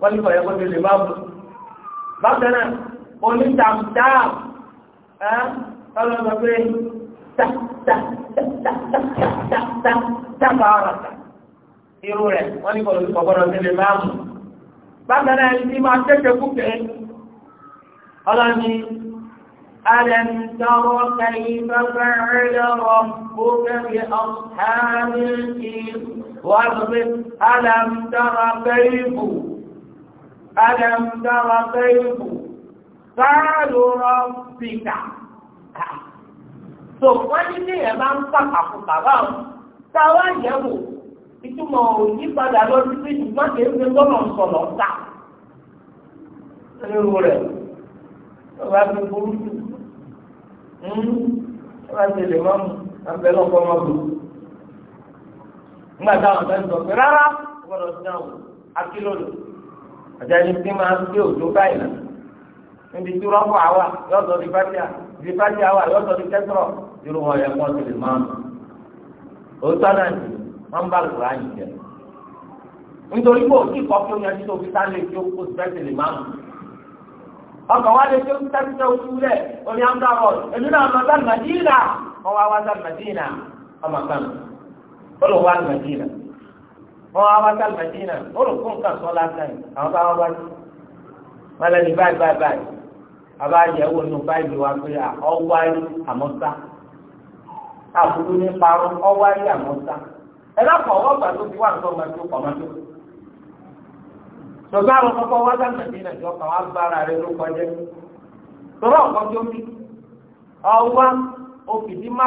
Speaker 1: wọ́n ní kọ̀yẹ́ kọ́tù lè máa bù. bákan náà oní tàmtàm ọlọ́dọ̀ pé tàbáraka irú rẹ̀ wọ́n ní kọ̀yẹ́ kọ́tù lè máa bù. bákan náà ẹni tí máa tẹ́tẹ́ kúkẹ́ ọlọ́ni ألم تر كيف فعل ربك بأصحاب الكيل واضرب ألم تر كيف Adam ألم تر كيف فعل ربك so wọ́n ní ní ẹ̀ máa ń pàpàkù bàbá ọ̀ táwa yẹ̀wò ìtumọ̀ òyìnbadà lọ sí pé ìgbọ́n kì í ṣe gbọ́nà sọ̀lọ̀ ta lérò rẹ̀ ọba fi burú jù ọba hmm? ti lè mọ́mù abẹ́ lọ́kọ́ mọ́mù nígbà táwọn ọ̀sẹ̀ ń sọ rárá gbọ́dọ̀ sí àwọn akílòlò àtẹni tí máa ń gbé òjò báyìí náà níbi tí rọ́pò àwa yọ̀tọ̀ di fátíà di fátíà wa yọ̀tọ̀ di kẹsọ̀rọ̀ irú wọn yẹ kó ti lè máa nù. òótọ́ náà ni wọ́n bá lùrọ̀ àyè jẹ. nítorí pé òkè kọ́ fún yanjú tó fi sáré tí ó kó sẹ́sì lè máa nù. ọkọ̀ wa lè tó sẹ́sì tó kú rẹ̀ omi amúdàrọ̀ èmi náà lọ sálùmàdínà ọwọ́ wa sálùmàdínà ọmọ kan olùwà sálùmàdínà. wọn wá wá sálùmọ̀ ó fún nǹkan sọ lásán àwọn bá wọn wá sí wọn lẹni báyìí báyìí báyìí àbá yẹ̀wò nù báyìí wá pé ọwárí àmọ́sá àbúrú ní ọwárí àmọ́sá ẹ ọwọ́ gbà tó fi wà nǹkan ọmọ tó kọ̀ọ̀mọ́ tó. kọ́kọ́ wá tí ọkàn wá rẹ ló kọjá ọkọ̀ tó mi má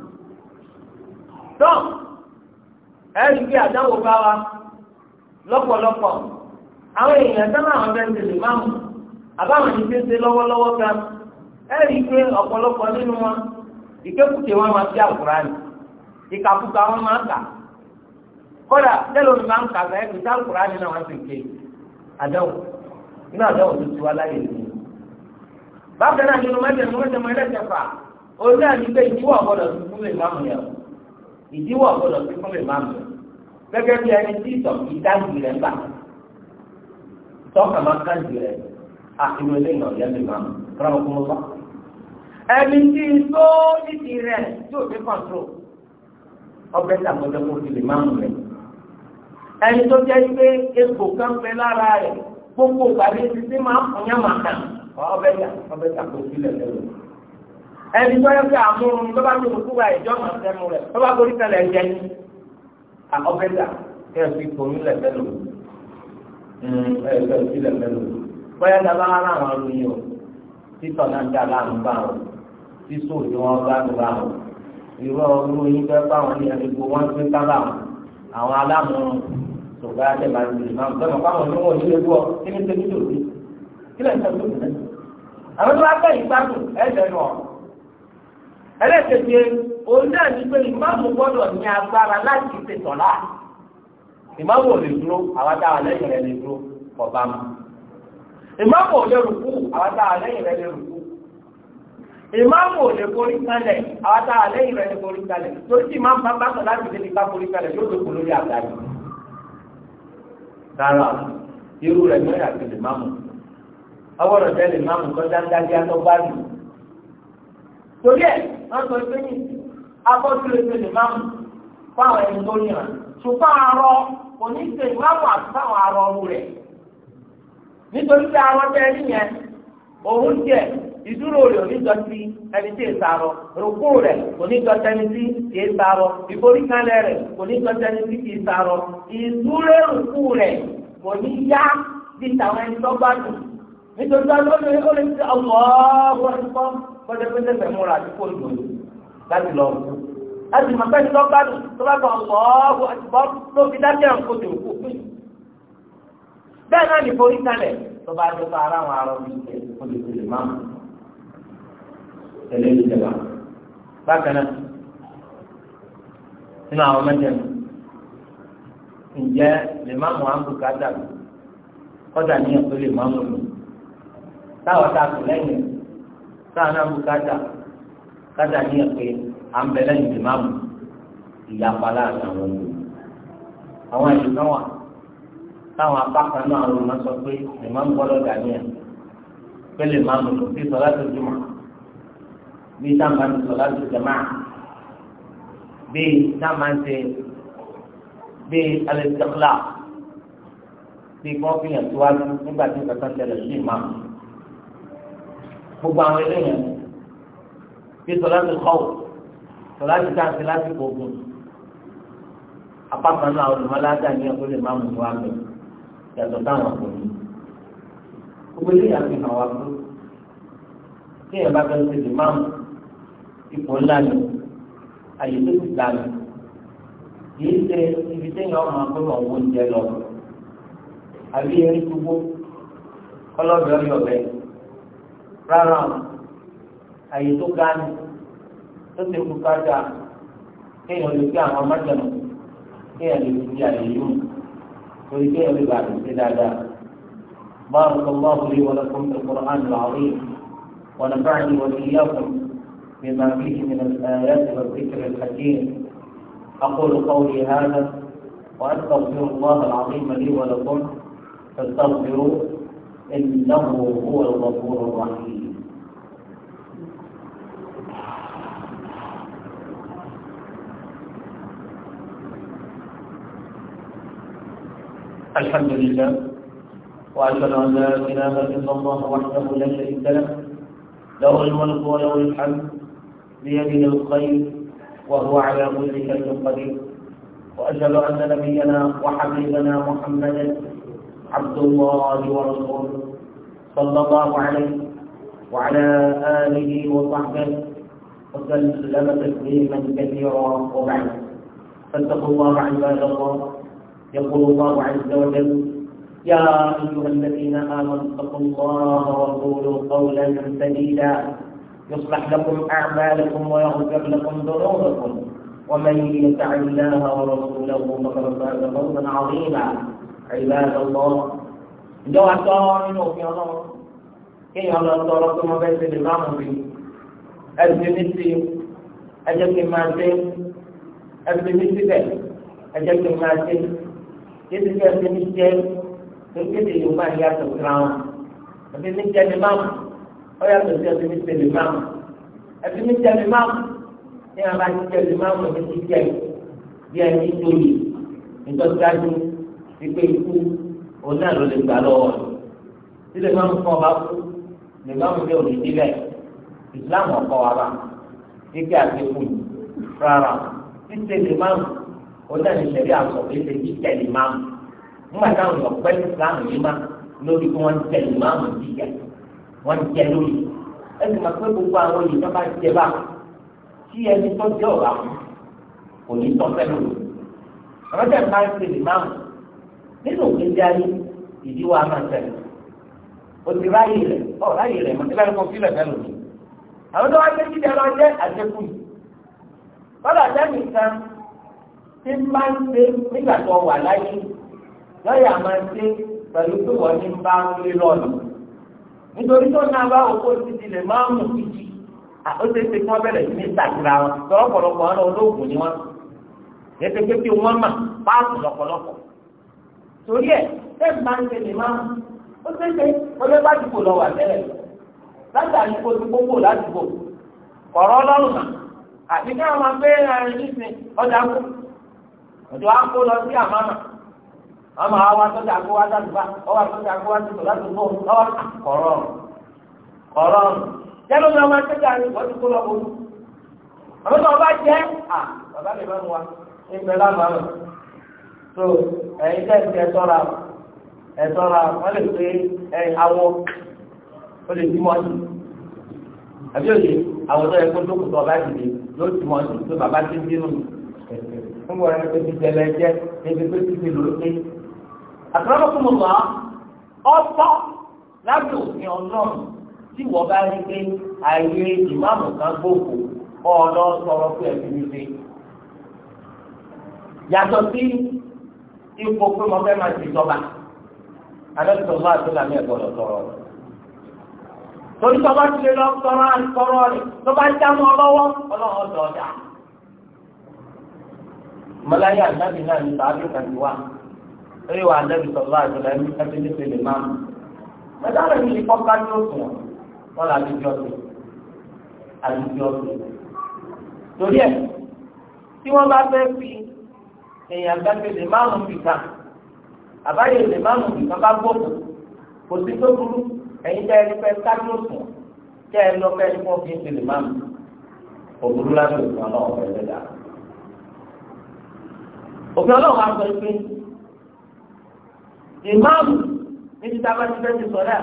Speaker 1: tọ́ ẹ̀rí bí àdáwò bá wa lọ́pọ̀lọpọ̀ àwọn èèyàn dáná àwọn ọ̀dẹ́ tèlè máa mú àbáwọn ní pèsè lọ́wọ́lọ́wọ́ ga ẹ̀rí pé ọ̀pọ̀lọpọ̀ nínú wọn ìkékùté wọn máa fi àkùránì ìkàkùkà wọn máa kà kódà tẹ́lẹ̀ máa ń kà bẹ́ẹ̀ kì í sá àkùránì náà wọ́n sì ké àdáwò inú àdáwò tó tu aláyè ni bákan náà nínú mẹ́tẹ̀ẹ̀mú mẹ́tẹ̀ẹ̀mú ẹlẹ́tẹ̀fà olú àdìgbẹ́ ìdíwọ̀ gbọ́dọ̀ tuntun lè máa mú yàrá ìdíwọ́ ọ̀gbọ́dọ̀ sí fún mi máa mú gẹ́gẹ́ bí ẹni tí ìtọ̀ kì í dájú rẹ̀ gbà ìtọ́ka máa ká jù rẹ̀ àìwé lẹ́yìn ọ̀yẹ́ mi máa mú kọ́ra kó mú bá. ẹni tí ìtọ́ ìdí rẹ̀ yóò fi kọ̀ǹtró ọbẹ̀ tàbọ̀dọ̀ kó fi lè máa mú rẹ̀. ẹni tó jẹ́ pé egbò kan pẹ́ lára rẹ̀ gbogbo ìgbàlejò tí máa fún yàmà kan ọbẹ̀ tà ọbẹ̀ tà kó fi lẹ̀ ẹni tó yẹ kí àmúrun tó bá tóbi kúrò àìjọ máa tẹnu rẹ tó bá torí tẹlẹ ń jẹ ní ọbẹ kẹ fi kòmí lẹ fẹlẹ ẹ fẹ fi lẹ fẹlẹ bóyá dábàá aláwọn arúgbó o títọ náà dá aláwọn bá wọn títọ tí wọn bá tó bá wọn ìró ọdún yín fẹ bá wọn ní ẹgbẹ́ wọn fi sábà wọn àwọn aláwọn tòbá tẹ máa ń tẹlẹ máa ń tẹlẹ fáwọn ní wọn nílé gbọ kí ni tẹlifíṣọ sí kí lẹ́yìn tó tó tẹlẹ àwọn tó bá tẹ ìgbádùn ẹ ẹlẹ́kẹ̀kẹ́ òun náà ní pé ìmáàmù gbọ́dọ̀ ní agbára láti ṣètò náà ìmáàmù ò lè dúró àwọn táwa lẹ́yìn rẹ̀ lè dúró ọba mu ìmáàmù ò lè rùkú àwọn táwa lẹ́yìn rẹ̀ lè rùkú ìmáàmù ò lè forí kalẹ̀ àwọn táwa lẹ́yìn rẹ̀ lè forí kalẹ̀ torí tí ìmáàmù bá bá sọ láti lè nípa forí kalẹ̀ yóò lè kú lórí àgbà yìí rárá irú rẹ̀ mẹ́rin àti ìmáàmù ọwọ́ rẹ̀ bẹ́ẹ̀ lè máàmù kọjá dájá tó bá lù torí ẹ̀ wọ́n sọ pé ní akọ́jú ẹgbẹ́ lè máa mú fáwọn ẹni tó yàn ṣùgbọ́n arọ oníṣe ìmáàmù àti fáwọn arọ ọmú rẹ̀ nítorí pé arọ tẹ ẹni yẹn òun jẹ ìdúró rẹ̀ oníjọ sí ẹni tí èsà arọ rògbò rẹ̀ oníjọ tẹni tí èsà arọ ìborí kalẹ̀ rẹ̀ oníjọ tẹni tí èsà arọ ìdúró rògbò rẹ̀ kò bí tàwọn ẹni tó gbádùn nítorí tá a lọ́ọ́ lè ó lè ti àwọn ọ̀rọ̀ ẹ̀kọ́ kọjá pé tẹ̀sẹ̀ múra àti kó ìdùn láti lọ. láti mọ̀ pẹ́ni tó gbádùn tó bá kàn ọ̀rọ̀ ẹ̀kọ́ tó fi dákẹ́ ọ̀kọ́ tó kù. bẹ́ẹ̀ náà ní forí kalẹ̀ tó bá dé fara àwọn arọ mi ṣe kó lè tẹ̀lé máa mú. tẹ̀lé nínú àwọn mẹ́tẹ̀ẹ̀mù ǹjẹ́ lè má mú àǹkù ká ní ọ̀pẹ́ lè má mú mi táwọn tá a kù lẹ́yìn táwọn náà bu kájà kájà ní ẹ̀pẹ́ à ń bẹ lẹ́yìn ìmáàmù ìyapa láàrin àwọn olùkọ́ àwọn ìdùnnà wà táwọn apá kan náà àwọn olùmọ̀ sọ pé ìmáàmù gbọ́dọ̀ dà ní ẹ̀ pé lè máa mú lòdì sọ láti ojúmọ́ bí táwọn ti sọ láti jẹ̀má bí táwọn ti bí alẹ́ sẹ́kla bí wọ́n fi hàn síwájú nígbà tí nǹkan tẹ̀lé sí ìmáàmù gbogbo àwọn eléyàn bí sọlá ti kọ́ ò sọlá ti dá sí lásìkò ogun apákan náà olùmọ́ládà ní ẹ̀kọ́ lè má mú wa lọ yàtọ̀ táwọn kò ní. gbogbo eléyàn fi hàn wá pé kí ẹ̀ bá bẹ́ẹ̀ tètè má mú ipò ńlá ni àyè tó ti dà ní kìí ṣe ibi téèyàn ọmọ akọ́nà owó ń jẹ lọ àbí erin ọlọ́dọ̀ ọyọ̀ bẹ́ẹ̀. rárá àyè tó ga ni tó ti kú kájà kéèyàn lè fi àwọn májèmọ kéèyàn lè fi di àyè yìí torí kéèyàn lè bàtà sí dáadáa. بارك الله لي ولكم في القرآن العظيم ونفعني وإياكم بما فيه من الآيات والذكر الحكيم أقول قولي هذا وأستغفر الله العظيم لي ولكم فاستغفروه إنه هو الغفور الرحيم الحمد لله وأشهد أن لا إله إلا الله وحده لا شريك له له الملك وله الحمد بيده الخير وهو على كل شيء قدير وأشهد أن نبينا وحبيبنا محمدا عبد الله ورسوله صلى الله عليه وعلى آله وصحبه وسلم تسليما كثيرا وبعد فاتقوا الله عباد الله يقول الله عز وجل يا أيها الذين آمنوا اتقوا الله وقولوا قولا سديدا يصلح لكم أعمالكم ويغفر لكم ذنوبكم ومن يطع الله ورسوله فقد فاز فوزا عظيما عباد الله لو أتوني في الله كي الله تورك ما بيت الإمام بي الجنسي اجل ما أجنبتي أجنبتي اجل ما زلت kéde bí ẹsẹ mi jẹ kéde yorùbá yìí yàtọ̀ síra wọn ẹbí mi jẹ mi máa mú ọ yàtọ̀ sí ẹbí mi jẹ mi máa mú ẹbí mi jẹ mi máa mú ní àbá ti jẹ mi máa mú ẹbí ti jẹ bí ẹni tóyè nítorí dájú wípé ikú òun náà lè gbà lọ́wọ́ tí lè máa mú fún ọba kú lè máa mú ní òní nílẹ̀ ìsìláàmù ọkọ wa bá wípé àti kù rárá títí lè máa mú onáni sẹ̀rí àsọ̀gbẹ́sẹ̀ yìí tẹ̀lé máàmù nígbà táwọn èèyàn pẹ́lú ìsìláàmù yìí má lórí kí wọ́n tẹ̀lé máàmù jíjẹ wọ́n jẹ lórí ẹni máa pé gbogbo àwọn yìí náà bá jẹ bá tí ẹni tó jẹ ọ̀rá kò ní tọ́ fẹ́ lórí àwọn tẹ̀ máa ń tẹ̀lé máàmù nínú òfin jáde ìdíwọ́ a máa tẹ̀lé o ti ráyè rẹ̀ ọ̀ ráyè rẹ̀ mo ti fẹ́ lọ́kọ́ fílẹ̀ fẹ́ lórí àwọn tó wá tí ń bá ń ṣe nígbà tó wà láyé lọ́yà máa ń ṣe pẹ̀lú pé wọ́n bá ń lọ́nà nítorí tó náà bá òkú lè máa mú kí wọ́n bẹ̀rẹ̀ sí ní ìtàkùrà wọn lọ́pọ̀lọpọ̀ ọ̀nà olóògùn ni wọ́n ètò pé kí wọ́n mà lọ́pọ̀lọpọ̀ ń lè máa mú ó ṣe é ṣe wà tẹ́lẹ̀ látàrí kó ti gbogbo ládùúgbò kọ̀rọ̀ àti ọ̀dọ̀ wa lọ sí àmàmà àmà wa sọ́jà kó wá sàdùbà ọwà sọ́jà kó wá sọ̀tọ̀ láti bọ̀ ọwà kọ̀rọ̀ kọ̀rọ̀ jẹ́nu ní ọmọ sọ́jà ni wọ́n kó lọ bọ̀ àmì tó ọba jẹ́ à bàbá mi máa wa ń bẹ lámàmà tó ẹ̀yin tẹ̀ ń tẹ̀ sọ́ra ẹ̀ sọ́ra wọ́n lè pe ẹ̀ awọ ó lè dín mọ́tì àbí òye àwọn tó yẹ kó ọba yóò bàbá ti ń ń wọ ẹni pẹ̀lú ìjẹlẹ jẹ ẹni pẹ̀lú ti lò pé àtúrọ́mọ̀ fún mi wá ọ̀pọ̀ lábẹ́ òfin ọlọ́run tí wọ́n bá rí pé ààyè ìmáàmù kan gbòòkò ọ̀ọ́dọ́ sọ̀rọ̀ fún ẹ̀mí mi ṣe. yàtọ̀ sí ipò pé mo fẹ́ máa ti jọba àdókòtò máa tó làmì ẹ̀gbọ́dọ̀ sọ̀rọ̀ torí tọ́ba ti lè lọ sọ̀rọ̀ àìsọ̀rọ̀ rẹ̀ tọ́ba já mọ́ ọ lọ́wọ́ ọlọ́run ọ̀dọ̀ ọ̀dà mọláyà ànábì náà ní sàábì kàbí wa eré wa ànábì sọlá àjọlá ẹni kẹfí ní sèlè máa mú mẹ́ta rẹ ní ikọ kájú òsùn wọn là àdìjọ sí àdìjọ sí torí ẹ tí wọn bá fẹ́ fi èèyàn gbàgbé lè máa mú bìkà àbáyé lè máa mú bìkà bá gbókù kò sí tó burú ẹ̀yin tẹ ẹni fẹ́ kájú òsùn tẹ ẹ lọ fẹ́ ẹni fún ọkùnrin sèlè máa mú òbúrú láti òsùn ọlọ́run ẹgbẹ dáa òfin ọlọ́run wa sọ pé ìmáàmù níbi tá a bá ti fẹ́ ti sọ̀rọ̀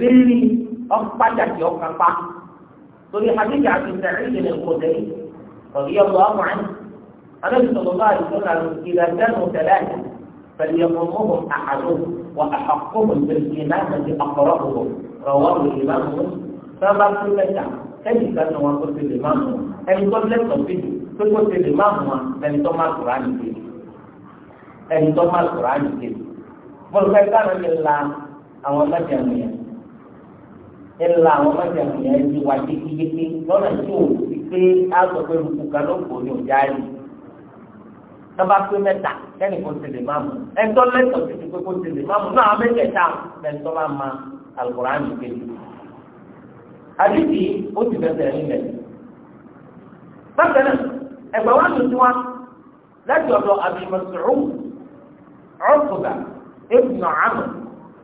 Speaker 1: rírí ọ̀pájàkì ọ̀kápá torí àdéhùn àti ìtàrí ìlẹ̀ kò dẹ́yìn ọ̀rí ọ̀gbọ̀n ọkùnrin anábì sọ̀rọ̀ bá àdìsọ́nà ìlà dẹ́nu tẹ̀lé àjà pẹ̀lú ẹ̀mọ́ mọ́mọ́ àhàdó wà àkókò ìgbésí náà ti ọ̀pọ̀rọ̀ òwò rọ̀wọ́ òwò ìmáàmù tó bá mẹ́ta ẹnì pé kó ṣe lè má mọ ẹni tó má sọ̀rọ̀ àyè kéde ẹni tó má sọ̀rọ̀ àyè kéde bọ́lùkọ́ ẹ̀ka náà ti la àwọn ọlọ́jàmù yẹn ti la àwọn ọlọ́jàmù yẹn ti wá yékéyéké lọ́nà tí ò sí pé á sọ pé rúkú kan ló kò ní ọjà yìí tọ́ba pé mẹ́ta ẹni kò ṣe lè má mọ ẹni tó lẹ́tọ̀ọ́ ti ti pé kó má mọ náà mẹ́tẹ̀ẹ̀ta ẹni tó bá ma alukóra àyè kéde àdìsí ó ti fẹsẹ̀ nílẹ̀ ẹgbẹ́ wa ló ti wá láti ọ̀dọ̀ àbímọ̀sùrù ọ̀fùgà ibùnà àmì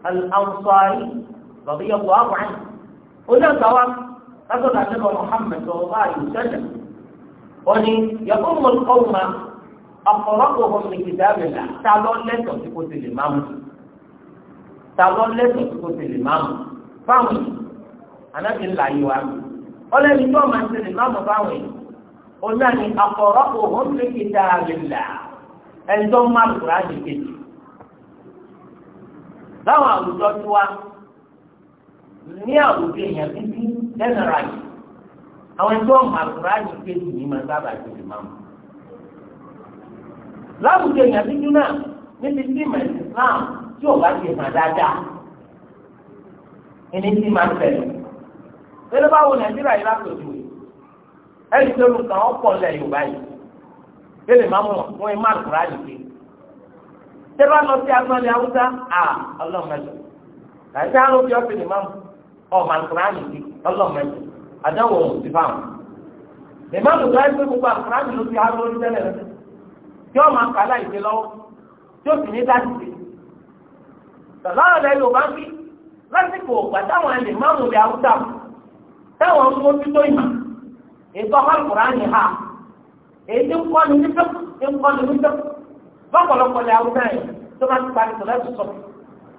Speaker 1: al-ansari bàbá yẹ kó àwọn àmì onígbà wa látọ̀dọ̀ àdébọ̀ muhammed sọ̀rọ̀ àyè sẹ́lẹ̀ òní yẹ̀kọ́ mọ̀lùkọ́wùmá ọ̀pọ̀lọpọ̀ ọ̀hún ní kìdáàbẹ̀là ta lọ lẹ́tọ̀ọ́ tí kò ti lè máa mú ta lọ lẹ́tọ̀ọ́ tí kò ti lè máa mú fáwọn yìí anábì yìí wa ọlẹ́ni tó máa ń ti lè máa mú fáwọn yìí ọ̀nà ni àkọ̀rọ̀ òhun lè fi dáadìlá ẹ̀ńtọ́ máa kúrò àti kejì. Láwọn àwùjọ tí wá ní àwùjọ èèyàn bíbí lẹ́nu ra yìí, àwọn ẹ̀ńtọ́ máa kúrò àti kejì ní máa sábà ti lè máa mú. Láwùjọ èèyàn bíbí náà níbi tí ìmọ̀ Islam tí ò bá ti hàn dáadáa, ẹni tí máa ń tẹ̀lé. Bẹ́ẹ̀ bá Nàìjíríà yìí lápò ìwé ẹni tó lu kàn ọ́ pọ̀ lẹ̀ yorùbá yìí kí lè má mú wọn wọn má kúrá yìí ké tẹ́lá lọ sí agbọ́nlẹ̀ haúsá à ọlọ́mọdé àti àwọn òbí ọ̀sẹ̀ lè má mú ọ má kúrá yìí ké ọlọ́mọdé àdáwọ̀ òun ti fáwọn lè má mú kúrá yìí pé gbogbo àkúrá yìí ló ti há lórí tẹ́lẹ̀ rẹ̀ tí ọ máa kàlá ìdè lọ́wọ́ tí ó sì ní láti dé tọ́lá ọ̀lẹ́ yorùbá bí ètò alukurani ha èyí ń kọ́ni ní fẹ́ ń kọ́ni ní fẹ́ bọ́kọ̀lọpọ̀ lè awúdá yìí tó bá ti parí sọ̀rọ̀ ẹ̀sùn sọ̀rọ̀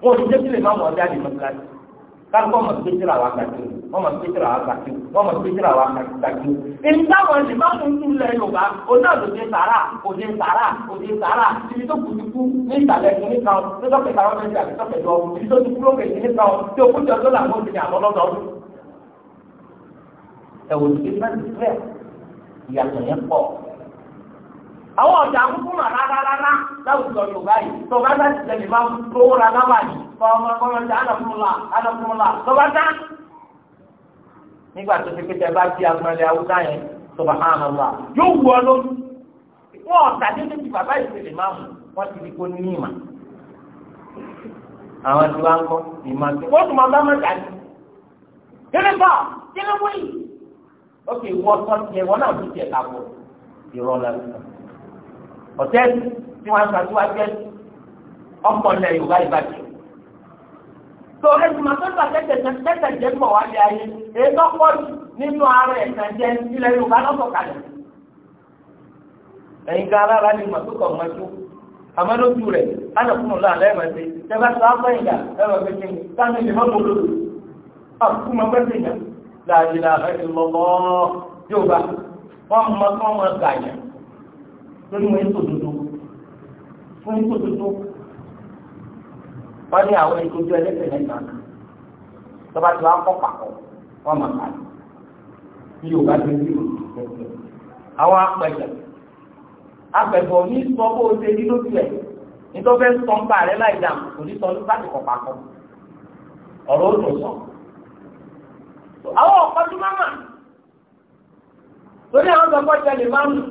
Speaker 1: wọn ò ní débi lè má wọ̀ ọ́dá di mọ́tíláṣí kálukọ́ mọ̀ sí péjìlá wa kàtí wọ́n mọ̀ sí péjìlá wa kàtí wọ́n mọ̀ sí péjìlá wa kàtí. ìgbà wọn lè má mú un lẹ yorùbá oná lòdì sàrà òdì sàrà òdì sàrà ibi tó kùtù kú ní ìsàlẹ̀ kìíní kan ní tọ́kẹ̀ta wọn fẹ́ẹ́ ẹ̀wọ̀n ti fẹ́ bẹ́ẹ̀ ìyàtọ̀ yẹn pọ̀. àwọn ọ̀dà kúkú mà rárá rárá láwùjọ yorùbá yìí tó bá dá tilẹ̀ lè máa lówó ra láwà yìí fọmọ kọ́mọ́tà ánàfúnmọ́lá ánàfúnmọ́lá tó bá dá. nígbà tó ti pété bá di agbọ̀nlẹ̀ haúsá yẹn tó bá hàn wá yóò wù ọ lójú. wọn ọ̀tà dédé ti bàbá ìṣẹ̀lẹ̀ máa mú wọ́n ti di kó ní ìmà. àwọn tí wọ́n ń kọ́ ìmọ̀ ó sì wọ sọ́ọ̀tì ẹ̀wọ̀n náà ti tẹ̀ lábọ̀ ìrọ̀ lẹ́sìn. ọ̀tẹ́ẹ̀lì tí wọ́n sọ sí wájú ẹ̀sìn ọkọ̀ ilẹ̀ yorùbá ìbàjẹ́. tó ẹ̀sìn máa tó gbà tẹ́tẹ̀ jẹ́ mọ̀ wá lé ayé èyí tó pọ̀ jù nínú ara ẹ̀sìn jẹ́ ilẹ̀ yorùbá lọ́sọ̀ kalẹ̀. ẹ̀yin ká ara ní ìmọ̀ tó kọ̀ mọ́jú àmọ́ lójú rẹ̀ ánàkùnrin láàlẹ́ ẹ̀mẹ́sẹ̀ tẹ́fẹ́ sọ la ilaha illallah yóò bá wọ́n mọ kí wọ́n mọ gàyà lórí wọn ètò òdodo fún ètò òdodo wọ́n ní àwọn ètò ojú ẹlẹ́sẹ̀ lẹ́gbàá kan tọ́ba tí wọ́n á kọ́ pàkọ́ wọ́n mọ̀ ká yóò bá dé sí òkè àwọn apẹ̀jẹ̀ apẹ̀bọ̀ ní sọ bó ṣe rí lójú ẹ̀ nítorí fẹ́ sọ ń bá rẹ láì dà kò ní sọ ní bá ti ọ̀rọ̀ ó àwọn ọ̀pọ̀ tó máa torí àwọn máa mú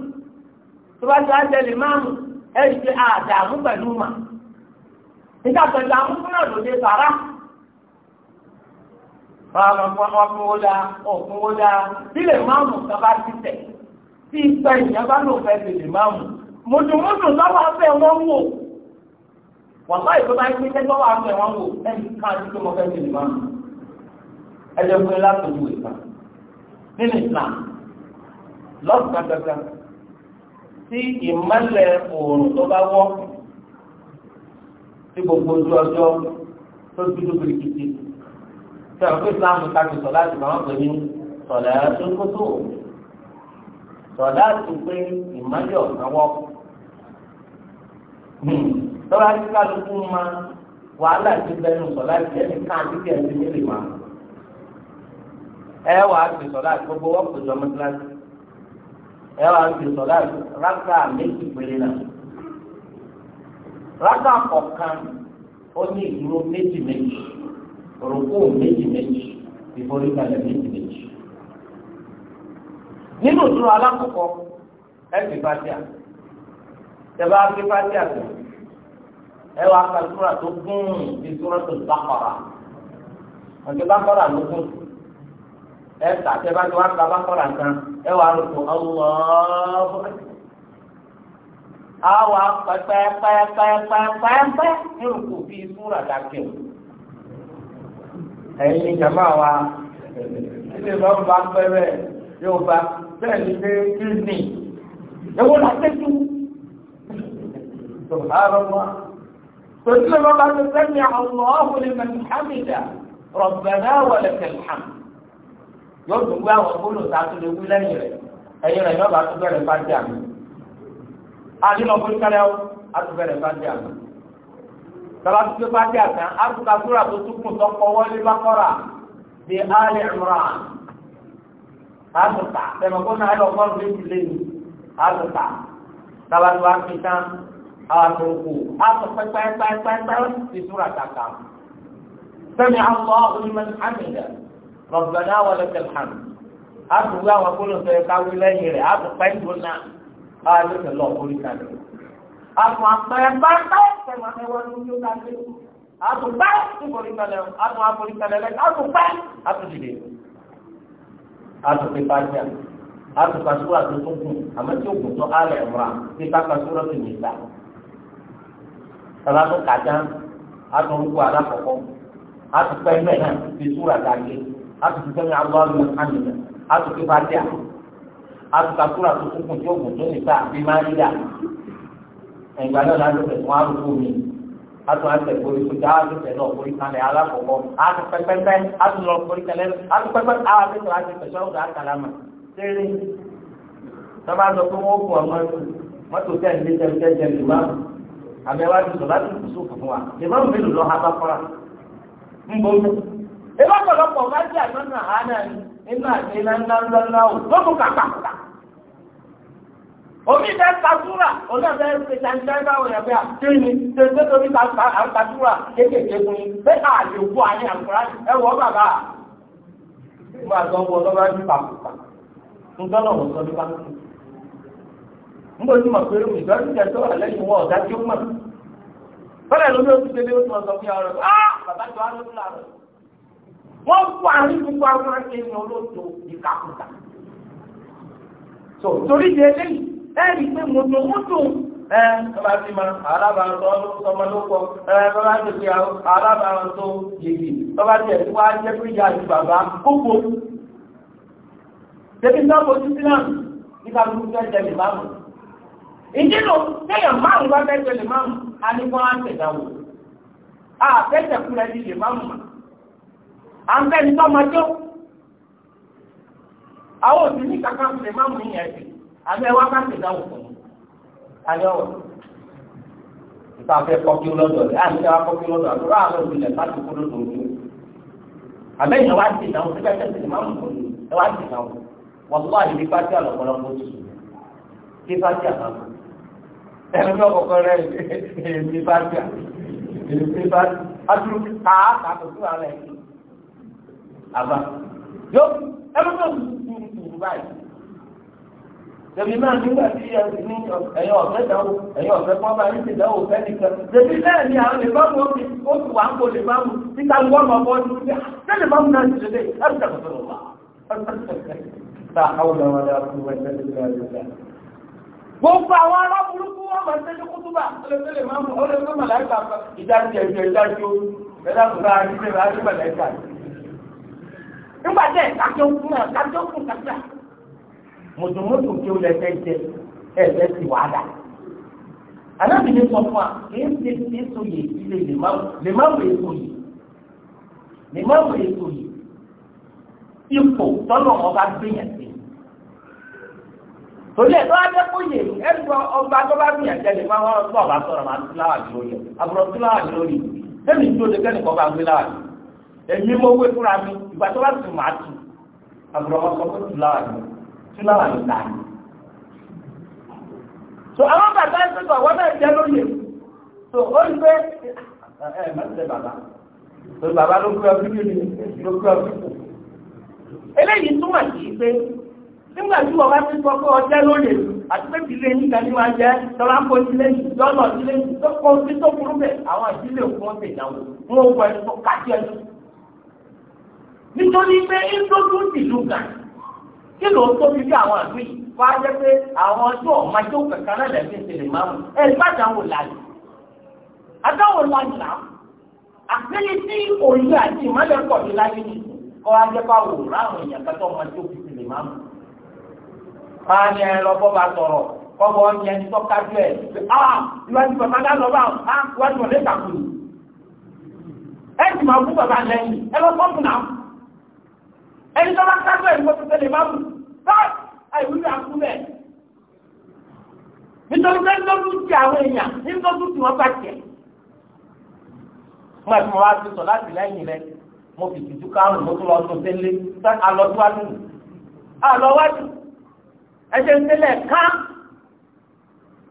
Speaker 1: tó bá máa mú pé àdààmú pẹ̀lú mà nígbà tó dààmú fún náà lòdì sàrà báwọn ọkùnwó dáa dáa sílẹ̀ máa mú kan bá tí ìgbà ìyẹn bá lò fẹ́ máa mú mùtùmùtù lọ́wọ́ wò ìpínlẹ̀ lọ́wọ́ wò ẹjọ́ pé látòjú ìgbà nínú Islam lọ́sùn kankan tí ìmọ̀lẹ̀ oòrùn tó bá wọ̀ tí gbogbo ojú ọjọ́ tó dúdú birikiti tí àwọn Islam kájú sọ láti máa ń pè ní sọ̀lá tó kótó sọ̀lá tó pé ìmọ̀lẹ̀ ọ̀sán wọ̀ hmm. tọ́lá tí kálukú máa wàhálà ti bẹnu sọ̀lá tí ẹni ká àti tí ẹni nílè máa. ẹ wà á fi sọ̀lá gbogbo wọ́n kò sọ mọ́tíláṣí ẹ wà á fi sọ̀lá rákà méjì péré náà rákà kọ̀ọ̀kan ó ní ìdúró méjì méjì òrùkú méjì méjì ìforíkalẹ̀ méjì méjì nínú ìdúró alákọ̀ọ́kọ́ ẹ fi fàtíà tẹ́lá fi fàtíà tó ẹ wà á ka súra tó gún ìsúra tó bàkàrà àti bàkàrà ló gún. ẹ tà tẹ bá ti wá ka bá kọ́ra kan ẹ wà lóko ọlọ́ọ̀bù àwa pẹpẹpẹpẹpẹpẹ yóò kò fi súra dàkẹ́ o. ẹ̀yin ni jàmbá wa ilé ìlú ọba pẹ́rẹ́ yóò bá bẹ́ẹ̀ ni pé kíni ewu la tẹ́jú. Subhanallah. Tòtí lè máa bá ti sẹ́mi àwọn ọ̀hún ni Mẹ́tìhámìdá, Rabbana wa lakal hamd. yóò tún gbé àwọn gbólóhùn tá a tún lè wí lẹ́yìn rẹ̀ ẹ̀yìn rẹ̀ yọ̀bà tún bẹ̀rẹ̀ bá dé àmì. àdínà fún kẹlẹ́ o a tún bẹ̀rẹ̀ bá dé àmì. tọ́lá tún gbé bá dé àtàn á tún ka súra tó tún kùn tọ́kọ wọlé bákọ́ra bí Ali Imran. a tún ta tẹ̀mọ̀kọ́ náà lọ fọ́n bí ti léyìn a tún ta. tọ́lá tún wá fi tán a tún kù a tún pẹ́pẹ́pẹ́pẹ́ ti súra kàkà. sami Allah rọ̀gbọ̀nà wọn lọ tẹ̀lé hàn á tún wí àwọn gbólóhùn tó yẹ ká wí lẹ́yìn rẹ̀ á tún pẹ́ ìdúró náà á ló tẹ̀ lọ orí kalẹ̀. a tún àpẹẹrẹ pátá pẹ̀lú àwọn ẹwà tó yóò dájú a tún pẹ́ ìforí kalẹ̀ a tún àforí kalẹ̀ lẹ́ a tún pẹ́ a tún dìde. a tún pé pàṣẹ a tún kàṣúrà tó tún kù àmọ́ tí òògùn tó alẹ̀ rà bí ká kàṣúrà tó nìgbà àtúntò sẹ́mi aláwọ̀ ní àmìlẹ̀ àtúntò bá dẹ́ àtúntò àkúrò àtúntò kùn tí ògùn tó nìta bí máa ń yà ẹ̀gbà náà láti tẹ̀ fún arúgbó mi àtúntò àtẹ̀ forí kọjá àtúntò tẹ̀ náà forí kalẹ̀ alákọ̀ọ́kọ́ àtúntò pẹ́pẹ́pẹ́ àtúntò lọ forí kalẹ̀ àtúntò pẹ́pẹ́ àtúntò àti tẹ̀sán ọ̀dà àkàlàmà tẹ́lẹ̀ sábà sọ pé wọ́n kù ọmọ mọ́tò tẹ̀lé tẹ̀lé tẹ̀lé ìmáàmù àbẹ̀wá ti sọ̀ láti kùsùn fún wa ìmáàmù mélòó lọ́ ìlú bá jẹ́ àjọ́nà àádá ni inú àti iná ò lókùn kàkàkà. omi ìfẹ́ tasúrà onáfẹ́ ṣe ṣàǹtẹ́ńtà òyìnbá bí a kí ni ṣe ṣe kéékèèké fún yín pé àlè òkú àní àkùrá ẹ bàbá. ìgbà tó ń bọ̀ lọ́wọ́ ní pàkùkà ń tọ́nà ọ̀sọ́ ní pàkùkà. ń bójú mọ̀ pé ìgbàlódé tó wà lẹ́yìn wọn ọ̀dá tí ó mọ̀. fẹ́rẹ̀ lómi ó ti ṣe wọ́n kó àrí gbogbo àwọn èèyàn olóòtú ìkàkùkà. torí di eléyìí ẹ̀rí pé mo dùn ó dùn ẹ bàbá ti ma alábà tó ọmọ ló kọ ẹ bàbá ti fi alábà tó yìí bàbá ti ẹ̀rí wá jẹ́ pé ìyá àti bàbá gbogbo. Débi náà mo ti sí náà nígbà tó fẹ́ jẹ lè máàmù. Ìdí lò téèyàn márùn-ún bá fẹ́ jẹ lè máàmù, a ní kó á tẹ̀dáwò. A fẹ́ tẹ̀kú rẹ̀ di lè máàmù màá à ń bẹ́ni tó máa jó àwọn òsì ní kàkà ń lè má mú ìyẹn sí àbẹ́ wákàtí ìdáwò fún un alẹ́ ọ̀rọ̀ ìta fẹ́ kọ́kí lọ́dọ̀ rẹ̀ àti ìta kọ́kí lọ́dọ̀ àdúrà àwọn òbílẹ̀ láti kó lọ́dọ̀ òní àbẹ́ ìyẹn wá sí ìdáwò síbẹ̀ tẹ̀sí ní má mú òní ẹ wá sí ìdáwò wọ́n lọ́ àyè nípa tí àlọ́pọ̀lọpọ̀ tù nípa àbá yóò ẹnu tó tuntun tuntun báyìí tẹ̀mí náà nígbà tí ní ẹ̀yọ́ ọ̀fẹ́ dánwò ẹ̀yọ́ ọ̀fẹ́ kọ́ bá yín ti dánwò fẹ́ nìkan tẹ̀mí náà ni àwọn lè bá wọn fi ó ti wà ń kó lè bá wọn tí ká wọ́n mọ̀ bọ́ ní ṣé lè bá wọn náà ti lè ẹ̀rù tẹ̀kọ̀ tó lọ wá. tá a wọlé wọn lọ fún wọn tẹ́lẹ̀ ní ọjọ́ ìgbà. gbogbo àwọn ará burúkú wọn máa tẹ́lẹ̀ kútúbà ọlọ́ọ̀lẹ́ máa mú ọlọ́ọ̀lẹ́ nígbà tẹ kájọ fún ẹ kájọ fún kájà mùtùmùtù kí o lè fẹ jẹ ẹ fẹ ti wàhálà alábìnrin sọ fún wa kì í ṣe kí èso yìí ilé lèmáwò èso yìí lèmáwò èso yìí ipò tọ́lọ̀ ọba gbìyàn sí torí ẹ̀ tó wá jẹ́ kóyè ẹ̀rọ ọba tó bá gbìyàn jẹ́ lè máa wọ́n tó ọba sọ̀rọ̀ máa ti láwà lórí ẹ̀ àbúrò tí láwà lórí ẹ̀ tó lè kẹ́nìkan bá gbé láwà èmi mo wé fúnra mi ìgbà tó bá tù máa tù àbúrò ọmọ sọ pé tùláwà ni tùláwà ni tà ní. so àwọn bàbá ẹ sọ̀tọ̀ àwọn náà jẹ́ lóye so ó ń gbé ẹ ẹ mẹ́tẹ̀ bàbá so bàbá ló gbé ọdún kí ni ló gbé ọdún kù. eléyìí túmọ̀ sí pé nígbà tí wọ́n bá ti sọ pé ọjẹ́ lóye àti pé ìdílé nígbà ní wọ́n jẹ́ tọ́lá ń kó ìdílé lọ́nà ìdílé tó kọ́ sí tó burú bẹ̀ àwọn ìdílé òkú wọn ti dáwọ́ nítorí pé ìdójú ìlú kan kí ló tó fi bí àwọn àgbẹ̀ wá jẹ́ pé àwọn ọjọ́ ọ̀ma tó kankan náà lẹ́sìn ìṣẹ̀lẹ̀ máa mú ẹ gbàdáwò láàyè àdáwò láàyè náà àgbẹ̀lẹ̀ tí òye àti ìmọ̀lẹ̀ pọ̀ ní láyé ni kọ́ wá jẹ́ pé àwọn òwúrọ̀ àwọn èèyàn kan tó ọmọ tó fi ìṣẹ̀lẹ̀ máa mú. máa ní ẹ lọ bọ́ sọ̀rọ̀ kọ́bọ̀ ní ẹni tó kájú ẹ̀ ìwádìí ah, bàbá ah, bàbá lẹ́ta ẹni tó bá ń sáfẹ́ ẹ̀rí mọ́tò tẹ́lẹ̀ máa mú báyìí àìwúrí àkú bẹ́ẹ̀. nítorí pé lọ́dú ti àwọn èèyàn ní lọ́dú tí wọ́n bá tiẹ̀. mo àti mo wá ti sọ láti lẹ́yìn rẹ mo fi tìjú kárùn mo tún lọ sọ tẹ́lẹ̀ alọ́dúnwájú alọ́wájú ẹ̀jẹ̀ ń tẹ́lẹ̀ ká